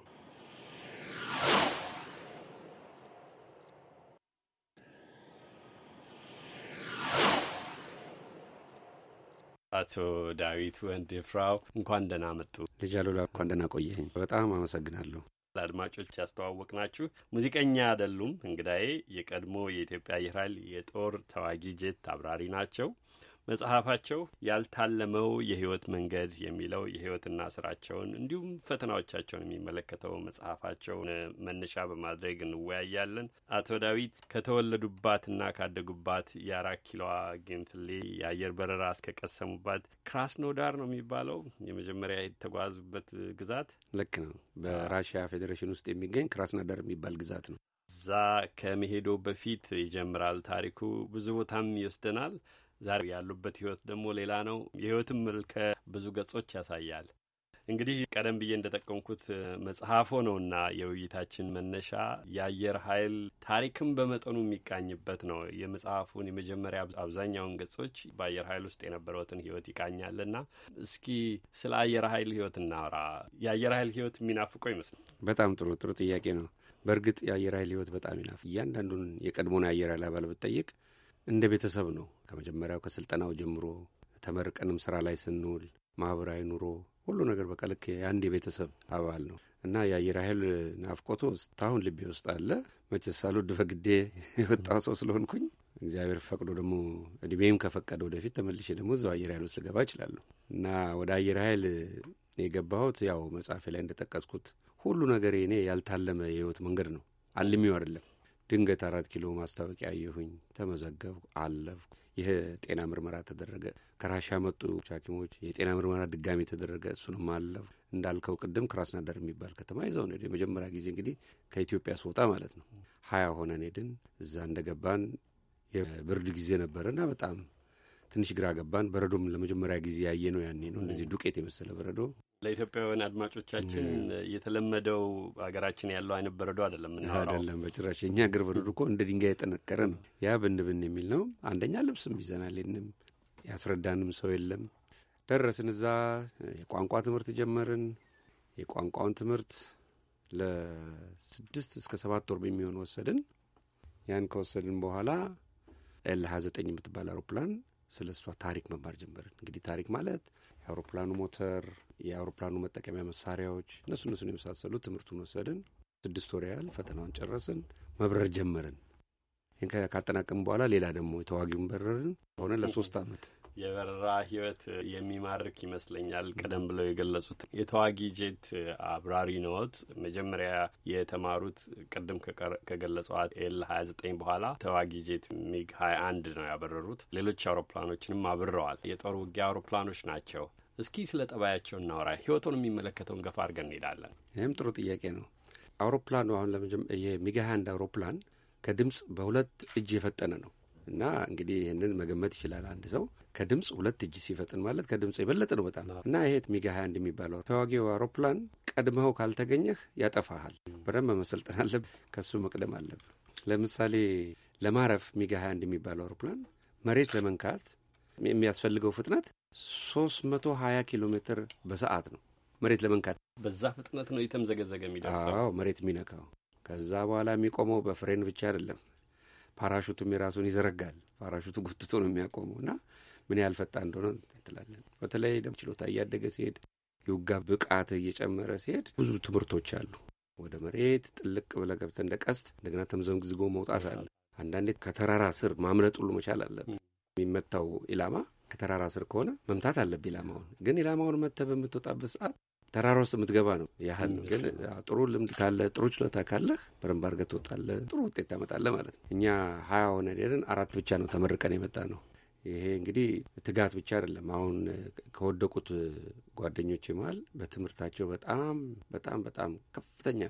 አቶ ዳዊት ወንድፍራው እንኳን ደህና መጡ። ልጅ አሉላ እንኳን ደህና ቆየኝ። በጣም አመሰግናለሁ። ለአድማጮች ያስተዋወቅ ናችሁ ሙዚቀኛ አይደሉም። እንግዳዬ የቀድሞ የኢትዮጵያ አየር ኃይል የጦር ተዋጊ ጄት አብራሪ ናቸው። መጽሐፋቸው ያልታለመው የህይወት መንገድ የሚለው የህይወትና ስራቸውን እንዲሁም ፈተናዎቻቸውን የሚመለከተው መጽሐፋቸውን መነሻ በማድረግ እንወያያለን። አቶ ዳዊት ከተወለዱባትና ካደጉባት የአራት ኪሎዋ ግንፍሌ የአየር በረራ እስከቀሰሙባት ክራስኖዳር ነው የሚባለው የመጀመሪያ የተጓዙበት ግዛት ልክ ነው። በራሽያ ፌዴሬሽን ውስጥ የሚገኝ ክራስኖዳር የሚባል ግዛት ነው። እዛ ከመሄዶ በፊት ይጀምራል ታሪኩ። ብዙ ቦታም ይወስደናል። ዛሬ ያሉበት ህይወት ደግሞ ሌላ ነው። የህይወትም መልከ ብዙ ገጾች ያሳያል። እንግዲህ ቀደም ብዬ እንደጠቀምኩት መጽሐፎ ነውና የውይይታችን መነሻ የአየር ኃይል ታሪክም በመጠኑ የሚቃኝበት ነው። የመጽሐፉን የመጀመሪያ አብዛኛውን ገጾች በአየር ኃይል ውስጥ የነበረውትን ህይወት ይቃኛልና እስኪ ስለ አየር ኃይል ህይወት እናውራ። የአየር ኃይል ህይወት የሚናፍቀው ይመስላል። በጣም ጥሩ ጥሩ ጥያቄ ነው። በእርግጥ የአየር ኃይል ህይወት በጣም ይናፍ እያንዳንዱን የቀድሞን የአየር ኃይል አባል ብጠይቅ እንደ ቤተሰብ ነው ከመጀመሪያው ከስልጠናው ጀምሮ ተመርቀንም ስራ ላይ ስንውል ማህበራዊ ኑሮ ሁሉ ነገር በቃ ልክ የአንድ የቤተሰብ አባል ነው እና የአየር ኃይል ናፍቆቶ እስካሁን ልቤ ውስጥ አለ። መቼስ ሳልወድ የወጣው ሰው ስለሆንኩኝ እግዚአብሔር ፈቅዶ ደግሞ እድሜም ከፈቀደ ወደፊት ተመልሼ ደግሞ እዛው አየር ኃይል ውስጥ ልገባ እችላለሁ እና ወደ አየር ኃይል የገባሁት ያው መጽሐፌ ላይ እንደጠቀስኩት ሁሉ ነገር እኔ ያልታለመ የህይወት መንገድ ነው። አልሚው አይደለም ድንገት አራት ኪሎ ማስታወቂያ አየሁኝ፣ ተመዘገብ አለፍ። ይህ ጤና ምርመራ ተደረገ። ከራሻ መጡ ሐኪሞች የጤና ምርመራ ድጋሚ ተደረገ። እሱንም አለፍ። እንዳልከው ቅድም ክራስናዳር የሚባል ከተማ ይዘው ነው የመጀመሪያ ጊዜ እንግዲህ ከኢትዮጵያ ስወጣ ማለት ነው። ሀያ ሆነን ሄድን። እዛ እንደገባን የብርድ ጊዜ ነበረና በጣም ትንሽ ግራ ገባን። በረዶም ለመጀመሪያ ጊዜ ያየ ነው ያኔ ነው። እንደዚህ ዱቄት የመሰለ በረዶ ለኢትዮጵያውያን አድማጮቻችን የተለመደው ሀገራችን ያለው አይነት በረዶ አይደለም። አይደለም በጭራሽ። እኛ ግር በረዶ እኮ እንደ ድንጋይ የጠነቀረ ነው። ያ ብን ብን የሚል ነው። አንደኛ ልብስም ይዘናል። የንም ያስረዳንም ሰው የለም። ደረስን እዛ የቋንቋ ትምህርት ጀመርን። የቋንቋውን ትምህርት ለስድስት እስከ ሰባት ወር በሚሆን ወሰድን። ያን ከወሰድን በኋላ ኤል ሀያ ዘጠኝ የምትባል አውሮፕላን ስለ እሷ ታሪክ መማር ጀመርን። እንግዲህ ታሪክ ማለት የአውሮፕላኑ ሞተር፣ የአውሮፕላኑ መጠቀሚያ መሳሪያዎች፣ እነሱ እነሱን የመሳሰሉ ትምህርቱን ወሰድን። ስድስት ወር ያህል ፈተናውን ጨረስን። መብረር ጀመርን። ይህን ካጠናቀም በኋላ ሌላ ደግሞ የተዋጊውን በረርን ሆነ ለሶስት አመት የበረራ ህይወት የሚማርክ ይመስለኛል። ቀደም ብለው የገለጹት የተዋጊ ጄት አብራሪ ነዎት። መጀመሪያ የተማሩት ቅድም ከገለጸዋት ኤል 29 በኋላ ተዋጊ ጄት ሚግ 21 ነው ያበረሩት። ሌሎች አውሮፕላኖችንም አብረዋል። የጦር ውጊያ አውሮፕላኖች ናቸው። እስኪ ስለ ጠባያቸው እናውራ። ህይወቱን የሚመለከተውን ገፋ አድርገን እንሄዳለን። ይህም ጥሩ ጥያቄ ነው። አውሮፕላኑ አሁን የሚግ 21 አውሮፕላን ከድምፅ በሁለት እጅ የፈጠነ ነው። እና እንግዲህ ይህንን መገመት ይችላል አንድ ሰው ከድምፅ ሁለት እጅ ሲፈጥን ማለት ከድምፅ የበለጠ ነው በጣም እና ይሄ ሚግ ሀያ አንድ የሚባለው ተዋጊው አውሮፕላን ቀድመው ካልተገኘህ ያጠፋሃል። በደንብ መሰልጠን አለብ ከሱ መቅደም አለብ ለምሳሌ ለማረፍ ሚግ ሀያ አንድ የሚባለው አውሮፕላን መሬት ለመንካት የሚያስፈልገው ፍጥነት ሶስት መቶ ሀያ ኪሎ ሜትር በሰዓት ነው። መሬት ለመንካት በዛ ፍጥነት ነው የተምዘገዘገ የሚደርሰው መሬት የሚነካው። ከዛ በኋላ የሚቆመው በፍሬን ብቻ አይደለም ፓራሹቱም የራሱን ይዘረጋል። ፓራሹቱ ጎትቶ ነው የሚያቆመው እና ምን ያህል ፈጣን እንደሆነ ትላለን። በተለይ ደግሞ ችሎታ እያደገ ሲሄድ የውጋ ብቃት እየጨመረ ሲሄድ ብዙ ትምህርቶች አሉ። ወደ መሬት ጥልቅ ብለህ ገብተህ እንደ ቀስት እንደገና ተምዘግዝጎ መውጣት አለ። አንዳንዴ ከተራራ ስር ማምለጥ ሁሉ መቻል አለብህ። የሚመታው ኢላማ ከተራራ ስር ከሆነ መምታት አለብህ ኢላማውን። ግን ኢላማውን መተህ በምትወጣበት ሰዓት ተራራ ውስጥ የምትገባ ነው ያህል ነው። ግን ጥሩ ልምድ ካለ ጥሩ ችሎታ ካለህ በደንብ አድርገህ ትወጣለህ፣ ጥሩ ውጤት ታመጣለህ ማለት ነው። እኛ ሀያ ሆነን ሄደን አራት ብቻ ነው ተመርቀን የመጣ ነው። ይሄ እንግዲህ ትጋት ብቻ አይደለም። አሁን ከወደቁት ጓደኞች መሀል በትምህርታቸው በጣም በጣም በጣም ከፍተኛ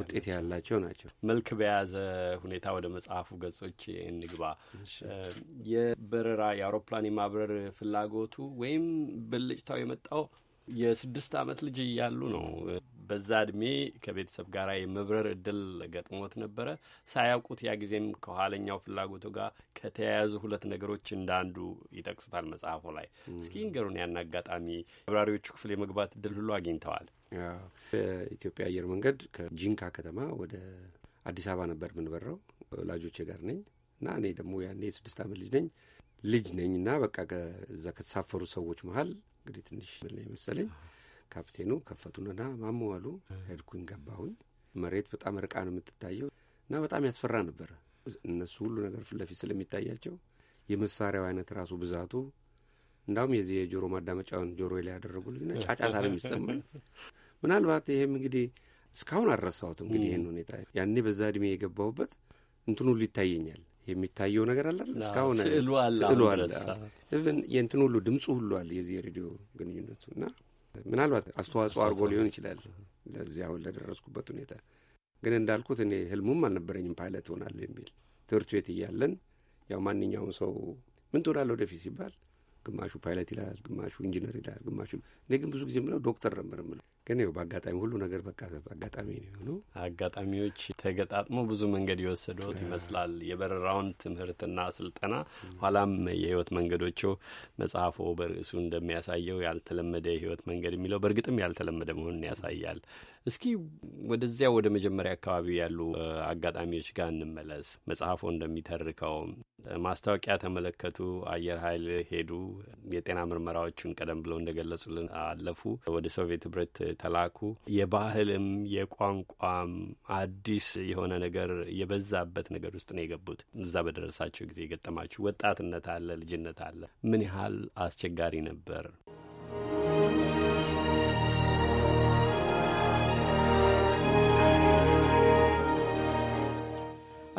ውጤት ያላቸው ናቸው። መልክ በያዘ ሁኔታ ወደ መጽሐፉ ገጾች እንግባ። የበረራ የአውሮፕላን የማብረር ፍላጎቱ ወይም ብልጭታው የመጣው የስድስት ዓመት ልጅ እያሉ ነው። በዛ እድሜ ከቤተሰብ ጋር የመብረር እድል ገጥሞት ነበረ። ሳያውቁት ያ ጊዜም ከኋለኛው ፍላጎቱ ጋር ከተያያዙ ሁለት ነገሮች እንዳንዱ ይጠቅሱታል መጽሐፉ ላይ። እስኪ ንገሩን ያን አጋጣሚ። አብራሪዎቹ ክፍል የመግባት እድል ሁሉ አግኝተዋል። በኢትዮጵያ አየር መንገድ ከጂንካ ከተማ ወደ አዲስ አበባ ነበር የምንበረው። ወላጆቼ ጋር ነኝ እና እኔ ደግሞ ያኔ የስድስት ዓመት ልጅ ነኝ ልጅ ነኝ እና በቃ ከዛ ከተሳፈሩ ሰዎች መሀል እንግዲህ ትንሽ ብለ መሰለኝ ካፕቴኑ ከፈቱንና ማመዋሉ አሉ። ሄድኩኝ፣ ገባሁኝ። መሬት በጣም ርቃ ነው የምትታየው እና በጣም ያስፈራ ነበረ። እነሱ ሁሉ ነገር ፊት ለፊት ስለሚታያቸው የመሳሪያው አይነት ራሱ ብዛቱ እንዳውም የዚህ የጆሮ ማዳመጫውን ጆሮ ላይ ያደረጉልኝና ጫጫታ ነው የሚሰማል። ምናልባት ይሄም እንግዲህ እስካሁን አልረሳሁትም። እንግዲህ ይህን ሁኔታ ያኔ በዛ እድሜ የገባሁበት እንትኑ ሁሉ ይታየኛል። የሚታየው ነገር አለ እስካሁን ስዕሉ አለ ኢቭን የእንትን ሁሉ ድምፁ ሁሉ አለ የዚህ የሬዲዮ ግንኙነቱ እና ምናልባት አስተዋጽኦ አድርጎ ሊሆን ይችላል ለዚህ አሁን ለደረስኩበት ሁኔታ ግን እንዳልኩት እኔ ህልሙም አልነበረኝም ፓይለት ሆናለሁ የሚል ትምህርት ቤት እያለን ያው ማንኛውም ሰው ምን ትሆናለህ ወደፊት ሲባል ግማሹ ፓይለት ይላል፣ ግማሹ ኢንጂነር ይላል፣ ግማሹ እኔ ግን ብዙ ጊዜ የምለው ዶክተር ነበር የምለው ግን ው በአጋጣሚ ሁሉ ነገር በቃ አጋጣሚ ነው የሆነው። አጋጣሚዎች ተገጣጥሞ ብዙ መንገድ የወሰደዎት ይመስላል። የበረራውን ትምህርትና ስልጠና ኋላም የህይወት መንገዶቹ መጽሐፎ በርዕሱ እንደሚያሳየው ያልተለመደ የህይወት መንገድ የሚለው በእርግጥም ያልተለመደ መሆኑን ያሳያል። እስኪ ወደዚያ ወደ መጀመሪያ አካባቢ ያሉ አጋጣሚዎች ጋር እንመለስ። መጽሐፎ እንደሚተርከው ማስታወቂያ ተመለከቱ፣ አየር ኃይል ሄዱ፣ የጤና ምርመራዎቹን ቀደም ብለው እንደገለጹልን አለፉ፣ ወደ ሶቪየት ህብረት ተላኩ የባህልም የቋንቋም አዲስ የሆነ ነገር የበዛበት ነገር ውስጥ ነው የገቡት። እዛ በደረሳቸው ጊዜ የገጠማችሁ ወጣትነት አለ፣ ልጅነት አለ። ምን ያህል አስቸጋሪ ነበር?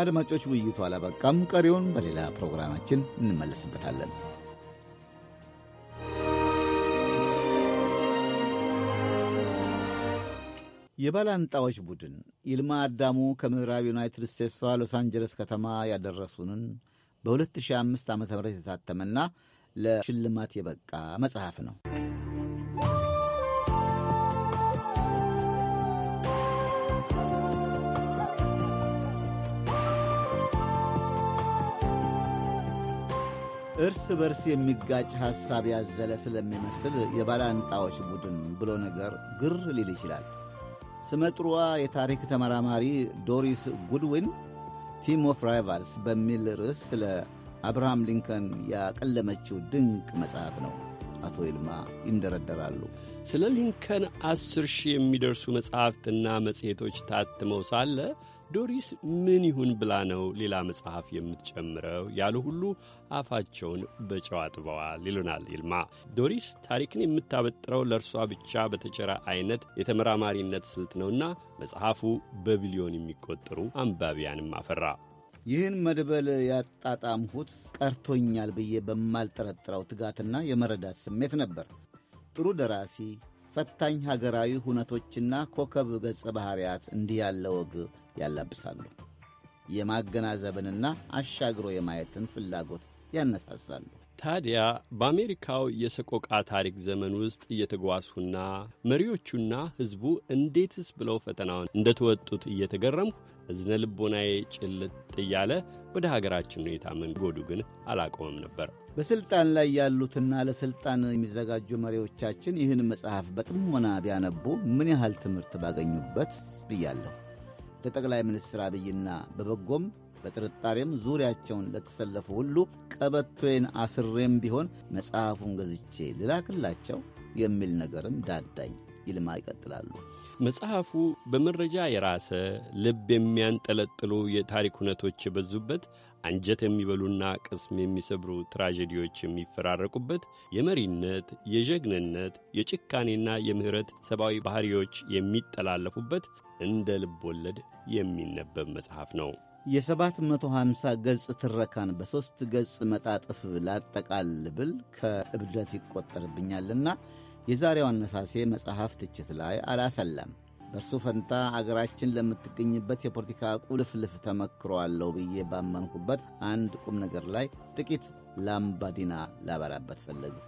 አድማጮች፣ ውይይቱ አላበቃም። ቀሪውን በሌላ ፕሮግራማችን እንመለስበታለን። የባላንጣዎች ቡድን ይልማ አዳሙ ከምዕራብ ዩናይትድ ስቴትስዋ ሎስ አንጀለስ ከተማ ያደረሱንን በ2005 ዓ ም የታተመና ለሽልማት የበቃ መጽሐፍ ነው። እርስ በርስ የሚጋጭ ሐሳብ ያዘለ ስለሚመስል የባላንጣዎች ቡድን ብሎ ነገር ግር ሊል ይችላል። ስመጥሯዋ የታሪክ ተመራማሪ ዶሪስ ጉድዊን ቲም ኦፍ ራይቫልስ በሚል ርዕስ ስለ አብርሃም ሊንከን ያቀለመችው ድንቅ መጽሐፍ ነው። አቶ ይልማ ይንደረደራሉ። ስለ ሊንከን አስር ሺህ የሚደርሱ መጽሐፍትና መጽሔቶች ታትመው ሳለ ዶሪስ ምን ይሁን ብላ ነው ሌላ መጽሐፍ የምትጨምረው ያሉ ሁሉ አፋቸውን በጨው አጥበዋል ይሉናል ይልማ። ዶሪስ ታሪክን የምታበጥረው ለእርሷ ብቻ በተቸረ አይነት የተመራማሪነት ስልት ነውና መጽሐፉ በቢሊዮን የሚቆጠሩ አንባቢያንም አፈራ። ይህን መድበል ያጣጣምሁት ቀርቶኛል ብዬ በማልጠረጥረው ትጋትና የመረዳት ስሜት ነበር። ጥሩ ደራሲ፣ ፈታኝ ሀገራዊ ሁነቶችና ኮከብ ገጸ ባሕርያት እንዲህ ያለ ወግ ያላብሳሉ። የማገናዘብንና አሻግሮ የማየትን ፍላጎት ያነሳሳሉ። ታዲያ በአሜሪካው የሰቆቃ ታሪክ ዘመን ውስጥ እየተጓዝሁና መሪዎቹና ሕዝቡ እንዴትስ ብለው ፈተናውን እንደተወጡት እየተገረምሁ እዝነ ልቦናዬ ጭልጥ እያለ ወደ ሀገራችን ሁኔታ መንጎዱ ግን አላቆመም ነበር። በሥልጣን ላይ ያሉትና ለሥልጣን የሚዘጋጁ መሪዎቻችን ይህን መጽሐፍ በጥሞና ቢያነቡ ምን ያህል ትምህርት ባገኙበት ብያለሁ። ለጠቅላይ ሚኒስትር አብይና በበጎም በጥርጣሬም ዙሪያቸውን ለተሰለፉ ሁሉ ቀበቶዬን አስሬም ቢሆን መጽሐፉን ገዝቼ ልላክላቸው የሚል ነገርም ዳዳኝ። ይልማ ይቀጥላሉ። መጽሐፉ በመረጃ የራሰ ልብ የሚያንጠለጥሉ የታሪክ ሁነቶች የበዙበት አንጀት የሚበሉና ቅስም የሚሰብሩ ትራጀዲዎች የሚፈራረቁበት የመሪነት፣ የጀግንነት፣ የጭካኔና የምህረት ሰብአዊ ባህሪዎች የሚጠላለፉበት እንደ ልብ ወለድ የሚነበብ መጽሐፍ ነው። የ750 ገጽ ትረካን በሦስት ገጽ መጣጥፍ ላጠቃል ብል ከእብደት ይቆጠርብኛልና የዛሬው አነሳሴ መጽሐፍ ትችት ላይ አላሰለም በእርሱ ፈንታ አገራችን ለምትገኝበት የፖለቲካ ቁልፍልፍ አለው ብዬ ባመንኩበት አንድ ቁም ነገር ላይ ጥቂት ላምባዲና ላበራበት ፈለግሁ።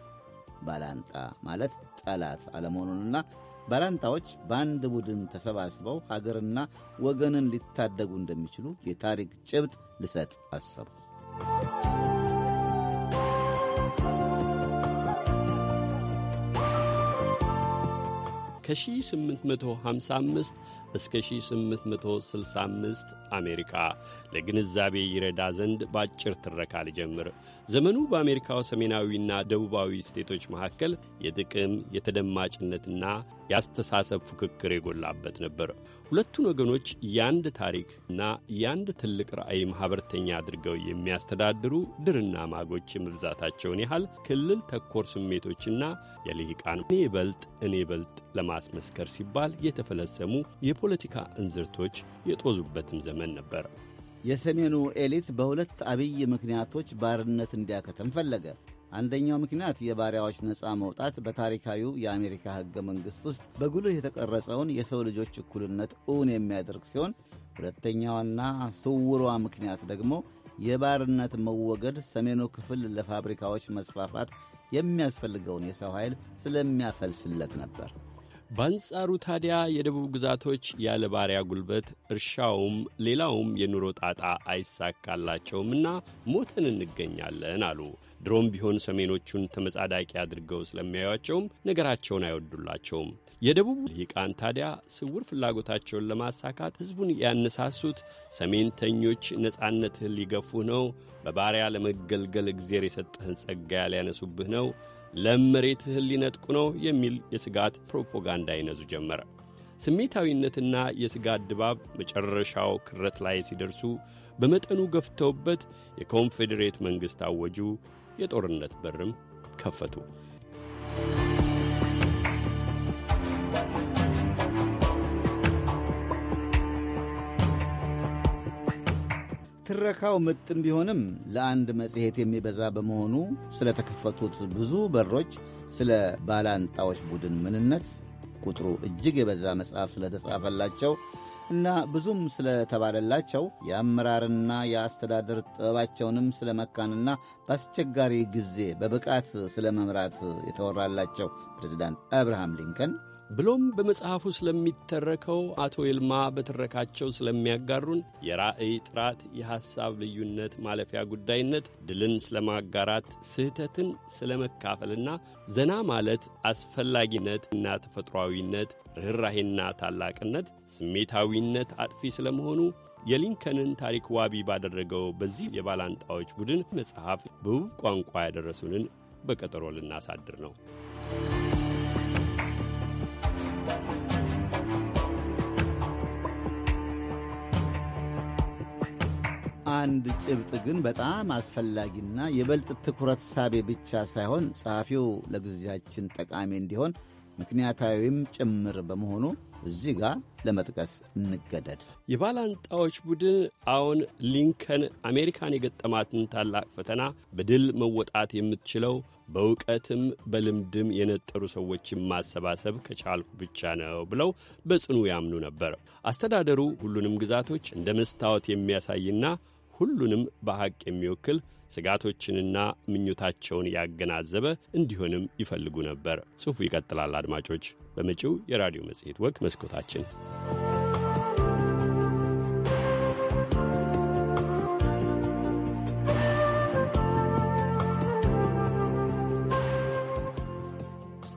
ባላንጣ ማለት ጠላት አለመሆኑንና ባላንጣዎች በአንድ ቡድን ተሰባስበው ሀገርና ወገንን ሊታደጉ እንደሚችሉ የታሪክ ጭብጥ ልሰጥ አሰቡ። ከ1855 እስከ 1865 አሜሪካ ለግንዛቤ ይረዳ ዘንድ በአጭር ትረካ ልጀምር። ዘመኑ በአሜሪካው ሰሜናዊና ደቡባዊ ስቴቶች መካከል የጥቅም የተደማጭነትና የአስተሳሰብ ፉክክር የጎላበት ነበር። ሁለቱን ወገኖች የአንድ ታሪክና የአንድ ትልቅ ራዕይ ማኅበርተኛ አድርገው የሚያስተዳድሩ ድርና ማጎች የመብዛታቸውን ያህል ክልል ተኮር ስሜቶችና የልሂቃን እኔ በልጥ እኔ በልጥ ለማስመስከር ሲባል የተፈለሰሙ የፖለቲካ እንዝርቶች የጦዙበትም ዘመን ነበር። የሰሜኑ ኤሊት በሁለት አብይ ምክንያቶች ባርነት እንዲያከተም ፈለገ። አንደኛው ምክንያት የባሪያዎች ነፃ መውጣት በታሪካዊው የአሜሪካ ሕገ መንግሥት ውስጥ በጉልህ የተቀረጸውን የሰው ልጆች እኩልነት እውን የሚያደርግ ሲሆን ሁለተኛዋና ስውሯ ምክንያት ደግሞ የባርነት መወገድ ሰሜኑ ክፍል ለፋብሪካዎች መስፋፋት የሚያስፈልገውን የሰው ኃይል ስለሚያፈልስለት ነበር። በአንጻሩ ታዲያ የደቡብ ግዛቶች ያለ ባሪያ ጉልበት እርሻውም ሌላውም የኑሮ ጣጣ አይሳካላቸውምና ሞተን እንገኛለን አሉ። ድሮም ቢሆን ሰሜኖቹን ተመጻዳቂ አድርገው ስለሚያዩቸውም ነገራቸውን አይወዱላቸውም። የደቡብ ልሂቃን ታዲያ ስውር ፍላጎታቸውን ለማሳካት ሕዝቡን ያነሳሱት ሰሜንተኞች ነጻነትህን ሊገፉህ ነው፣ በባሪያ ለመገልገል እግዜር የሰጠህን ጸጋያ ሊያነሱብህ ነው ለም እህል ሊነጥቁ ነው የሚል የስጋት ፕሮፓጋንዳ ይነዙ ጀመረ። ስሜታዊነትና የስጋት ድባብ መጨረሻው ክረት ላይ ሲደርሱ በመጠኑ ገፍተውበት የኮንፌዴሬት መንግሥት አወጁ፣ የጦርነት በርም ከፈቱ። ትረካው ምጥን ቢሆንም ለአንድ መጽሔት የሚበዛ በመሆኑ ስለተከፈቱት ብዙ በሮች፣ ስለ ባላንጣዎች ቡድን ምንነት፣ ቁጥሩ እጅግ የበዛ መጽሐፍ ስለተጻፈላቸው እና ብዙም ስለተባለላቸው የአመራርና የአስተዳደር ጥበባቸውንም ስለመካንና በአስቸጋሪ ጊዜ በብቃት ስለመምራት የተወራላቸው ፕሬዚዳንት አብርሃም ሊንከን ብሎም በመጽሐፉ ስለሚተረከው አቶ ይልማ በትረካቸው ስለሚያጋሩን የራዕይ ጥራት፣ የሐሳብ ልዩነት ማለፊያ ጉዳይነት፣ ድልን ስለማጋራት፣ ስህተትን ስለመካፈልና ዘና ማለት አስፈላጊነት እና ተፈጥሯዊነት፣ ርኅራሄና ታላቅነት፣ ስሜታዊነት አጥፊ ስለመሆኑ የሊንከንን ታሪክ ዋቢ ባደረገው በዚህ የባላንጣዎች ቡድን መጽሐፍ በውብ ቋንቋ ያደረሱንን በቀጠሮ ልናሳድር ነው። አንድ ጭብጥ ግን በጣም አስፈላጊና የበልጥ ትኩረት ሳቤ ብቻ ሳይሆን ጸሐፊው ለጊዜያችን ጠቃሚ እንዲሆን ምክንያታዊም ጭምር በመሆኑ እዚህ ጋር ለመጥቀስ እንገደድ። የባላንጣዎች ቡድን አሁን ሊንከን አሜሪካን የገጠማትን ታላቅ ፈተና በድል መወጣት የምትችለው በእውቀትም በልምድም የነጠሩ ሰዎችን ማሰባሰብ ከቻልኩ ብቻ ነው ብለው በጽኑ ያምኑ ነበር። አስተዳደሩ ሁሉንም ግዛቶች እንደ መስታወት የሚያሳይና ሁሉንም በሐቅ የሚወክል ስጋቶችንና ምኞታቸውን ያገናዘበ እንዲሆንም ይፈልጉ ነበር። ጽሑፉ ይቀጥላል። አድማጮች፣ በመጪው የራዲዮ መጽሔት ወቅ መስኮታችን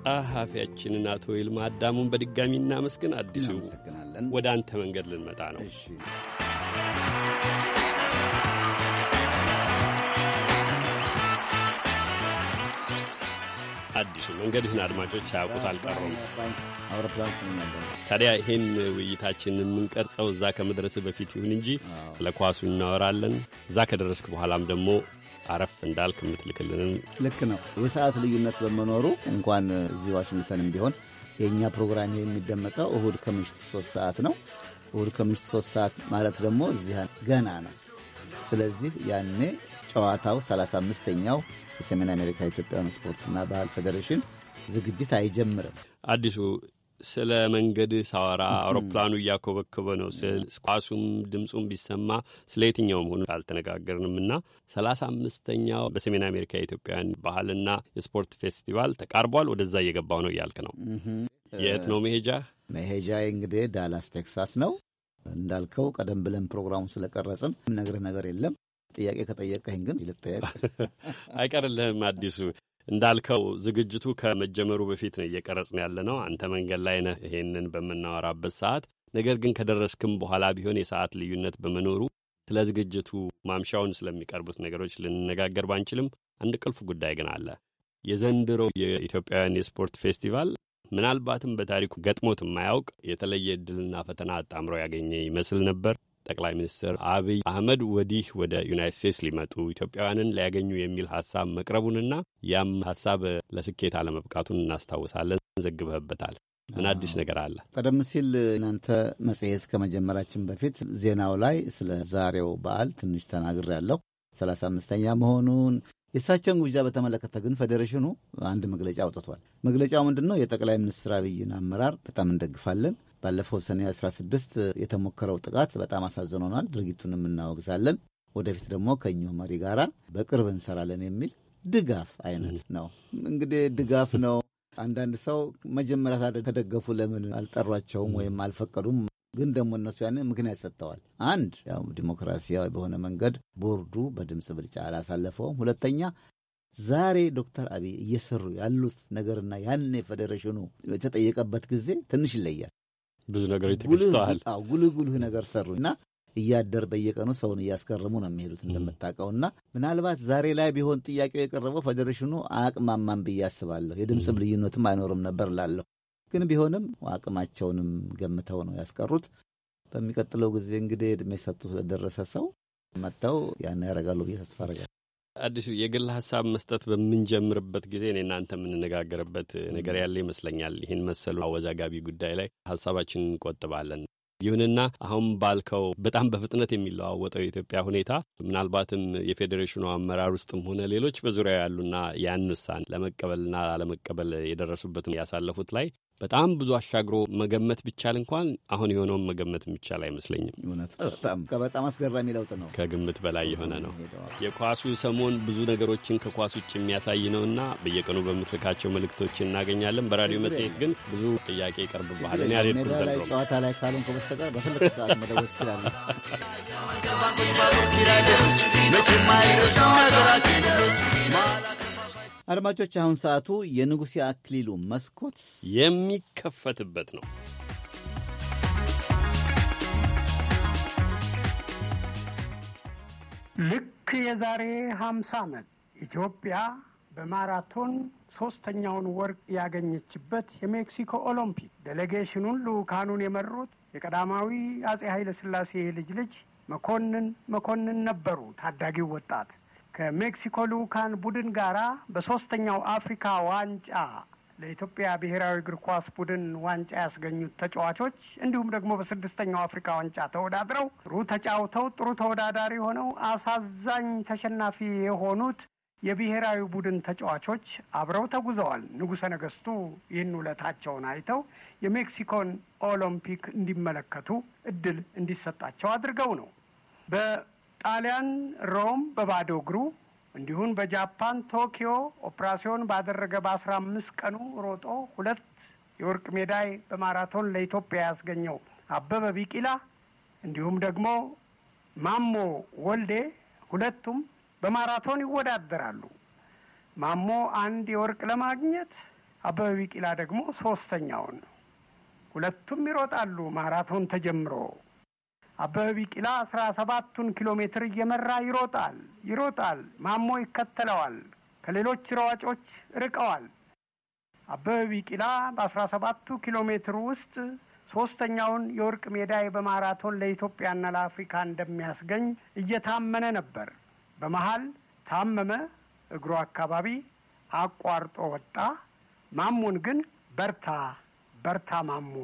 ጸሐፊያችንን አቶ ይልማ አዳሙን በድጋሚ እናመስግን። አዲሱ ወደ አንተ መንገድ ልንመጣ ነው። አዲሱ መንገድህን አድማጮች አያውቁት አልቀሩም። ታዲያ ይህን ውይይታችን የምንቀርጸው እዛ ከመድረስ በፊት ይሁን እንጂ ስለ ኳሱ እናወራለን። እዛ ከደረስክ በኋላም ደግሞ አረፍ እንዳልክ የምትልክልንን ልክ ነው። የሰዓት ልዩነት በመኖሩ እንኳን እዚህ ዋሽንግተንም ቢሆን የእኛ ፕሮግራም የሚደመጠው እሁድ ከምሽት ሶስት ሰዓት ነው። እሁድ ከምሽት ሶስት ሰዓት ማለት ደግሞ እዚህ ገና ነው። ስለዚህ ያኔ ጨዋታው 35ኛው የሰሜን አሜሪካ ኢትዮጵያውያን ስፖርትና ባህል ፌዴሬሽን ዝግጅት አይጀምርም። አዲሱ ስለ መንገድ ሳወራ አውሮፕላኑ እያኮበከበ ነው። ኳሱም ድምፁም ቢሰማ ስለ የትኛው መሆኑ አልተነጋገርንም እና ሰላሳ አምስተኛው በሰሜን አሜሪካ የኢትዮጵያውያን ባህልና የስፖርት ፌስቲቫል ተቃርቧል። ወደዛ እየገባው ነው እያልክ ነው። የት ነው መሄጃ? መሄጃ እንግዲህ ዳላስ ቴክሳስ ነው እንዳልከው። ቀደም ብለን ፕሮግራሙ ስለቀረጽን ነግረ ነገር የለም ጥያቄ ከጠየቀኝ ግን ልጠየቅ አይቀርልህም። አዲሱ እንዳልከው ዝግጅቱ ከመጀመሩ በፊት ነው እየቀረጽን ያለ ነው። አንተ መንገድ ላይ ነህ ይሄንን በምናወራበት ሰዓት። ነገር ግን ከደረስክም በኋላ ቢሆን የሰዓት ልዩነት በመኖሩ ስለ ዝግጅቱ ማምሻውን ስለሚቀርቡት ነገሮች ልንነጋገር ባንችልም አንድ ቁልፍ ጉዳይ ግን አለ። የዘንድሮ የኢትዮጵያውያን የስፖርት ፌስቲቫል ምናልባትም በታሪኩ ገጥሞት የማያውቅ የተለየ እድልና ፈተና አጣምሮ ያገኘ ይመስል ነበር። ጠቅላይ ሚኒስትር አብይ አህመድ ወዲህ ወደ ዩናይት ስቴትስ ሊመጡ ኢትዮጵያውያንን ሊያገኙ የሚል ሀሳብ መቅረቡንና ያም ሀሳብ ለስኬት አለመብቃቱን እናስታውሳለን። ዘግበህበታል። ምን አዲስ ነገር አለ? ቀደም ሲል እናንተ መጽሔት ከመጀመራችን በፊት ዜናው ላይ ስለ ዛሬው በዓል ትንሽ ተናግር ያለው ሰላሳ አምስተኛ መሆኑን የእሳቸውን ግብዣ በተመለከተ ግን ፌዴሬሽኑ አንድ መግለጫ አውጥቷል። መግለጫው ምንድን ነው? የጠቅላይ ሚኒስትር አብይን አመራር በጣም እንደግፋለን ባለፈው ሰኔ 16 የተሞከረው ጥቃት በጣም አሳዝኖናል። ድርጊቱንም እናወግዛለን። ወደፊት ደግሞ ከእኚሁ መሪ ጋር በቅርብ እንሰራለን የሚል ድጋፍ አይነት ነው። እንግዲህ ድጋፍ ነው። አንዳንድ ሰው መጀመሪያ ታዲያ ከደገፉ ለምን አልጠሯቸውም ወይም አልፈቀዱም? ግን ደግሞ እነሱ ያን ምክንያት ሰጥተዋል። አንድ ያው ዲሞክራሲያዊ በሆነ መንገድ ቦርዱ በድምፅ ብልጫ አላሳለፈውም። ሁለተኛ ዛሬ ዶክተር አብይ እየሰሩ ያሉት ነገርና ያን ፌዴሬሽኑ የተጠየቀበት ጊዜ ትንሽ ይለያል። ብዙ ነገሮች ተከስተዋል። ጉልህ ጉልህ ነገር ሰሩ እና እያደር በየቀኑ ሰውን እያስገረሙ ነው የሚሄዱት እንደምታውቀው። እና ምናልባት ዛሬ ላይ ቢሆን ጥያቄው የቀረበው ፌዴሬሽኑ አቅማማን ብዬ አስባለሁ። የድምፅም ልዩነትም አይኖርም ነበር ላለሁ ግን ቢሆንም አቅማቸውንም ገምተው ነው ያስቀሩት። በሚቀጥለው ጊዜ እንግዲህ እድሜ ሰጥቶ ስለደረሰ ሰው መጥተው ያን ያደርጋሉ ብዬ ተስፋ አደርጋለሁ። አዲሱ የግል ሀሳብ መስጠት በምንጀምርበት ጊዜ እኔ እናንተ የምንነጋገርበት ነገር ያለ ይመስለኛል። ይህን መሰሉ አወዛጋቢ ጉዳይ ላይ ሀሳባችን እንቆጥባለን። ይሁንና አሁን ባልከው በጣም በፍጥነት የሚለዋወጠው የኢትዮጵያ ሁኔታ ምናልባትም የፌዴሬሽኑ አመራር ውስጥም ሆነ ሌሎች በዙሪያው ያሉና ያን ውሳኔ ለመቀበልና ላለመቀበል የደረሱበትም ያሳለፉት ላይ በጣም ብዙ አሻግሮ መገመት ቢቻል እንኳን አሁን የሆነውን መገመት የሚቻል አይመስለኝም። በጣም አስገራሚ ለውጥ ነው። ከግምት በላይ የሆነ ነው። የኳሱ ሰሞን ብዙ ነገሮችን ከኳስ ውጭ የሚያሳይ ነው እና በየቀኑ በምትልካቸው መልእክቶች እናገኛለን። በራዲዮ መጽሔት ግን ብዙ ጥያቄ ይቀርብብሃል። ላይ ጨዋታ ላይ ካልሆንኩ በስተቀር በትልቅ ሰዓት መደወል ትችላለህ። መቼም አይረሳም ሀገራችን አድማጮች፣ አሁን ሰዓቱ የንጉሴ አክሊሉ መስኮት የሚከፈትበት ነው። ልክ የዛሬ ሀምሳ ዓመት ኢትዮጵያ በማራቶን ሶስተኛውን ወርቅ ያገኘችበት የሜክሲኮ ኦሎምፒክ ዴሌጌሽኑን ልዑካኑን የመሩት የቀዳማዊ አጼ ኃይለ ሥላሴ ልጅ ልጅ መኮንን መኮንን ነበሩ። ታዳጊው ወጣት ከሜክሲኮ ልዑካን ቡድን ጋር በሶስተኛው አፍሪካ ዋንጫ ለኢትዮጵያ ብሔራዊ እግር ኳስ ቡድን ዋንጫ ያስገኙት ተጫዋቾች እንዲሁም ደግሞ በስድስተኛው አፍሪካ ዋንጫ ተወዳድረው ጥሩ ተጫውተው ጥሩ ተወዳዳሪ ሆነው አሳዛኝ ተሸናፊ የሆኑት የብሔራዊ ቡድን ተጫዋቾች አብረው ተጉዘዋል። ንጉሠ ነገሥቱ ይህን ውለታቸውን አይተው የሜክሲኮን ኦሎምፒክ እንዲመለከቱ እድል እንዲሰጣቸው አድርገው ነው። ጣሊያን ሮም በባዶ እግሩ እንዲሁም በጃፓን ቶኪዮ ኦፕራሲዮን ባደረገ በአስራ አምስት ቀኑ ሮጦ ሁለት የወርቅ ሜዳይ በማራቶን ለኢትዮጵያ ያስገኘው አበበ ቢቂላ እንዲሁም ደግሞ ማሞ ወልዴ ሁለቱም በማራቶን ይወዳደራሉ። ማሞ አንድ የወርቅ ለማግኘት አበበ ቢቂላ ደግሞ ሶስተኛውን። ሁለቱም ይሮጣሉ ማራቶን ተጀምሮ አበበ ቢቂላ አስራ ሰባቱን ኪሎ ሜትር እየመራ ይሮጣል ይሮጣል። ማሞ ይከተለዋል። ከሌሎች ሯጮች ርቀዋል። አበበ ቢቂላ በአስራ ሰባቱ ኪሎ ሜትር ውስጥ ሶስተኛውን የወርቅ ሜዳይ በማራቶን ለኢትዮጵያና ለአፍሪካ እንደሚያስገኝ እየታመነ ነበር። በመሀል ታመመ። እግሩ አካባቢ አቋርጦ ወጣ። ማሞን ግን በርታ በርታ ማሞ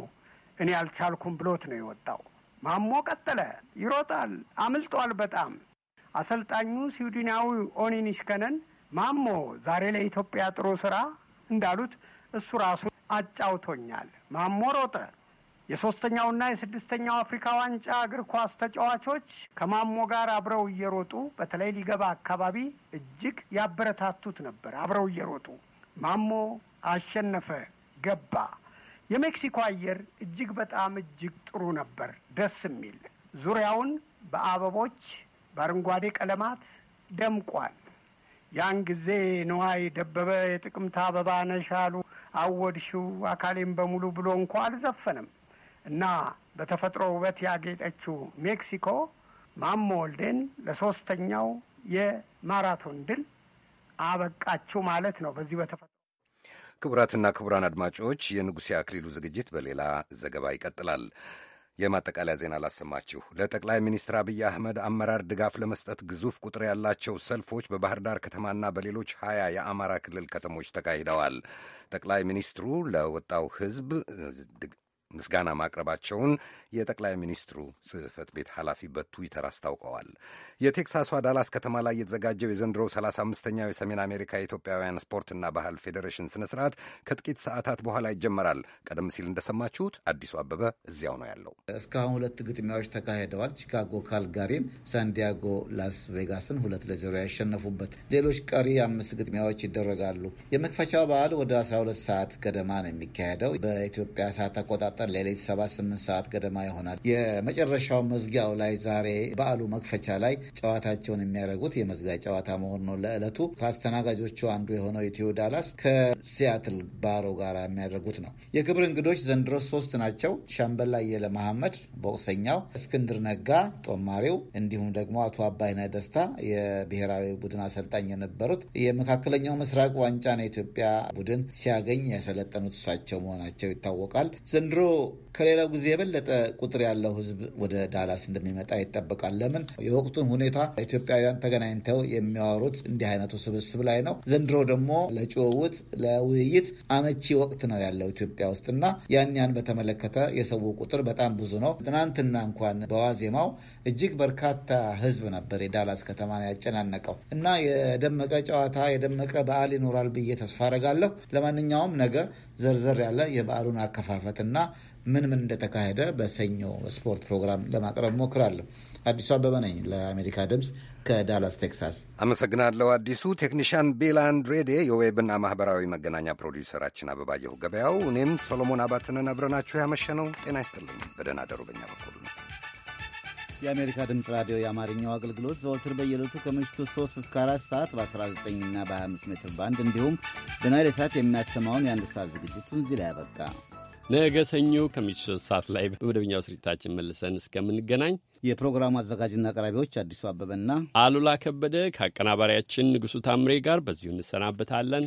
እኔ አልቻልኩም ብሎት ነው የወጣው። ማሞ ቀጠለ። ይሮጣል፣ አምልጧል በጣም አሰልጣኙ ስዊድናዊ ኦኒኒሽ ከነን ማሞ ዛሬ ለኢትዮጵያ ጥሩ ስራ እንዳሉት እሱ ራሱ አጫውቶኛል። ማሞ ሮጠ። የሶስተኛውና የስድስተኛው አፍሪካ ዋንጫ እግር ኳስ ተጫዋቾች ከማሞ ጋር አብረው እየሮጡ በተለይ ሊገባ አካባቢ እጅግ ያበረታቱት ነበር። አብረው እየሮጡ ማሞ አሸነፈ፣ ገባ። የሜክሲኮ አየር እጅግ በጣም እጅግ ጥሩ ነበር፣ ደስ የሚል ዙሪያውን በአበቦች በአረንጓዴ ቀለማት ደምቋል። ያን ጊዜ ነዋይ ደበበ የጥቅምት አበባ ነሻሉ አወድሽው አካሌም በሙሉ ብሎ እንኳ አልዘፈንም እና በተፈጥሮ ውበት ያጌጠችው ሜክሲኮ ማሞ ወልዴን ለሶስተኛው የማራቶን ድል አበቃችው ማለት ነው። በዚህ በተፈ ክቡራትና ክቡራን አድማጮች የንጉሴ አክሊሉ ዝግጅት በሌላ ዘገባ ይቀጥላል። የማጠቃለያ ዜና ላሰማችሁ። ለጠቅላይ ሚኒስትር አብይ አህመድ አመራር ድጋፍ ለመስጠት ግዙፍ ቁጥር ያላቸው ሰልፎች በባህር ዳር ከተማና በሌሎች ሀያ የአማራ ክልል ከተሞች ተካሂደዋል። ጠቅላይ ሚኒስትሩ ለወጣው ሕዝብ ምስጋና ማቅረባቸውን የጠቅላይ ሚኒስትሩ ጽህፈት ቤት ኃላፊ በትዊተር አስታውቀዋል። የቴክሳሷ ዳላስ ከተማ ላይ የተዘጋጀው የዘንድሮው 35ኛው የሰሜን አሜሪካ የኢትዮጵያውያን ስፖርትና ባህል ፌዴሬሽን ስነ ስርዓት ከጥቂት ሰዓታት በኋላ ይጀመራል። ቀደም ሲል እንደሰማችሁት አዲሱ አበበ እዚያው ነው ያለው። እስካሁን ሁለት ግጥሚያዎች ተካሂደዋል። ቺካጎ ካልጋሪን፣ ሳንዲያጎ ላስ ቬጋስን ሁለት ለዜሮ ያሸነፉበት ሌሎች ቀሪ አምስት ግጥሚያዎች ይደረጋሉ። የመክፈቻው በዓል ወደ 12 ሰዓት ገደማ ነው የሚካሄደው በኢትዮጵያ ሰዓት አቆጣጠር አቆጣጠር ሌሊት 78 ሰዓት ገደማ ይሆናል። የመጨረሻው መዝጊያው ላይ ዛሬ በዓሉ መክፈቻ ላይ ጨዋታቸውን የሚያደርጉት የመዝጊያ ጨዋታ መሆን ነው። ለዕለቱ ከአስተናጋጆቹ አንዱ የሆነው ኢትዮ ዳላስ ከሲያትል ባሮ ጋር የሚያደርጉት ነው። የክብር እንግዶች ዘንድሮ ሶስት ናቸው። ሻምበል አየለ መሐመድ ቦክሰኛው፣ እስክንድር ነጋ ጦማሪው፣ እንዲሁም ደግሞ አቶ አባይነ ደስታ የብሔራዊ ቡድን አሰልጣኝ የነበሩት የመካከለኛው ምስራቅ ዋንጫን የኢትዮጵያ ቡድን ሲያገኝ ያሰለጠኑት እሳቸው መሆናቸው ይታወቃል። ዘንድሮ ከሌላው ጊዜ የበለጠ ቁጥር ያለው ህዝብ ወደ ዳላስ እንደሚመጣ ይጠበቃል። ለምን የወቅቱን ሁኔታ ኢትዮጵያውያን ተገናኝተው የሚያወሩት እንዲህ አይነቱ ስብስብ ላይ ነው። ዘንድሮ ደግሞ ለጭውውጥ ለውይይት አመቺ ወቅት ነው ያለው ኢትዮጵያ ውስጥ እና ያን ያን በተመለከተ የሰው ቁጥር በጣም ብዙ ነው። ትናንትና እንኳን በዋዜማው እጅግ በርካታ ህዝብ ነበር የዳላስ ከተማን ያጨናነቀው እና የደመቀ ጨዋታ የደመቀ በዓል ይኖራል ብዬ ተስፋ አረጋለሁ። ለማንኛውም ነገ ዘርዘር ያለ የበዓሉን አከፋፈትና ምን ምን እንደተካሄደ በሰኞ ስፖርት ፕሮግራም ለማቅረብ ሞክራለሁ። አዲሱ አበበ ነኝ ለአሜሪካ ድምፅ ከዳላስ ቴክሳስ። አመሰግናለሁ አዲሱ። ቴክኒሽያን ቤላ አንድሬዴ፣ የዌብና ማህበራዊ መገናኛ ፕሮዲውሰራችን አበባየሁ ገበያው፣ እኔም ሰሎሞን አባትንን አብረናችሁ ያመሸነው። ጤና ይስጥልኝ። በደህና አደሩ። በእኛ በኩል ነው። የአሜሪካ ድምፅ ራዲዮ የአማርኛው አገልግሎት ዘወትር በየለቱ ከምሽቱ 3 እስከ 4 ሰዓት በ19 እና በ25 ሜትር ባንድ እንዲሁም በናይል ሰዓት የሚያሰማውን የአንድ ሰዓት ዝግጅቱን እዚህ ላይ ያበቃ። ነገ ሰኞ ከምሽቱ ሶስት ሰዓት ላይ በመደበኛው ስርጭታችን መልሰን እስከምንገናኝ የፕሮግራሙ አዘጋጅና አቅራቢዎች አዲሱ አበበና አሉላ ከበደ ከአቀናባሪያችን ንጉሱ ታምሬ ጋር በዚሁ እንሰናበታለን።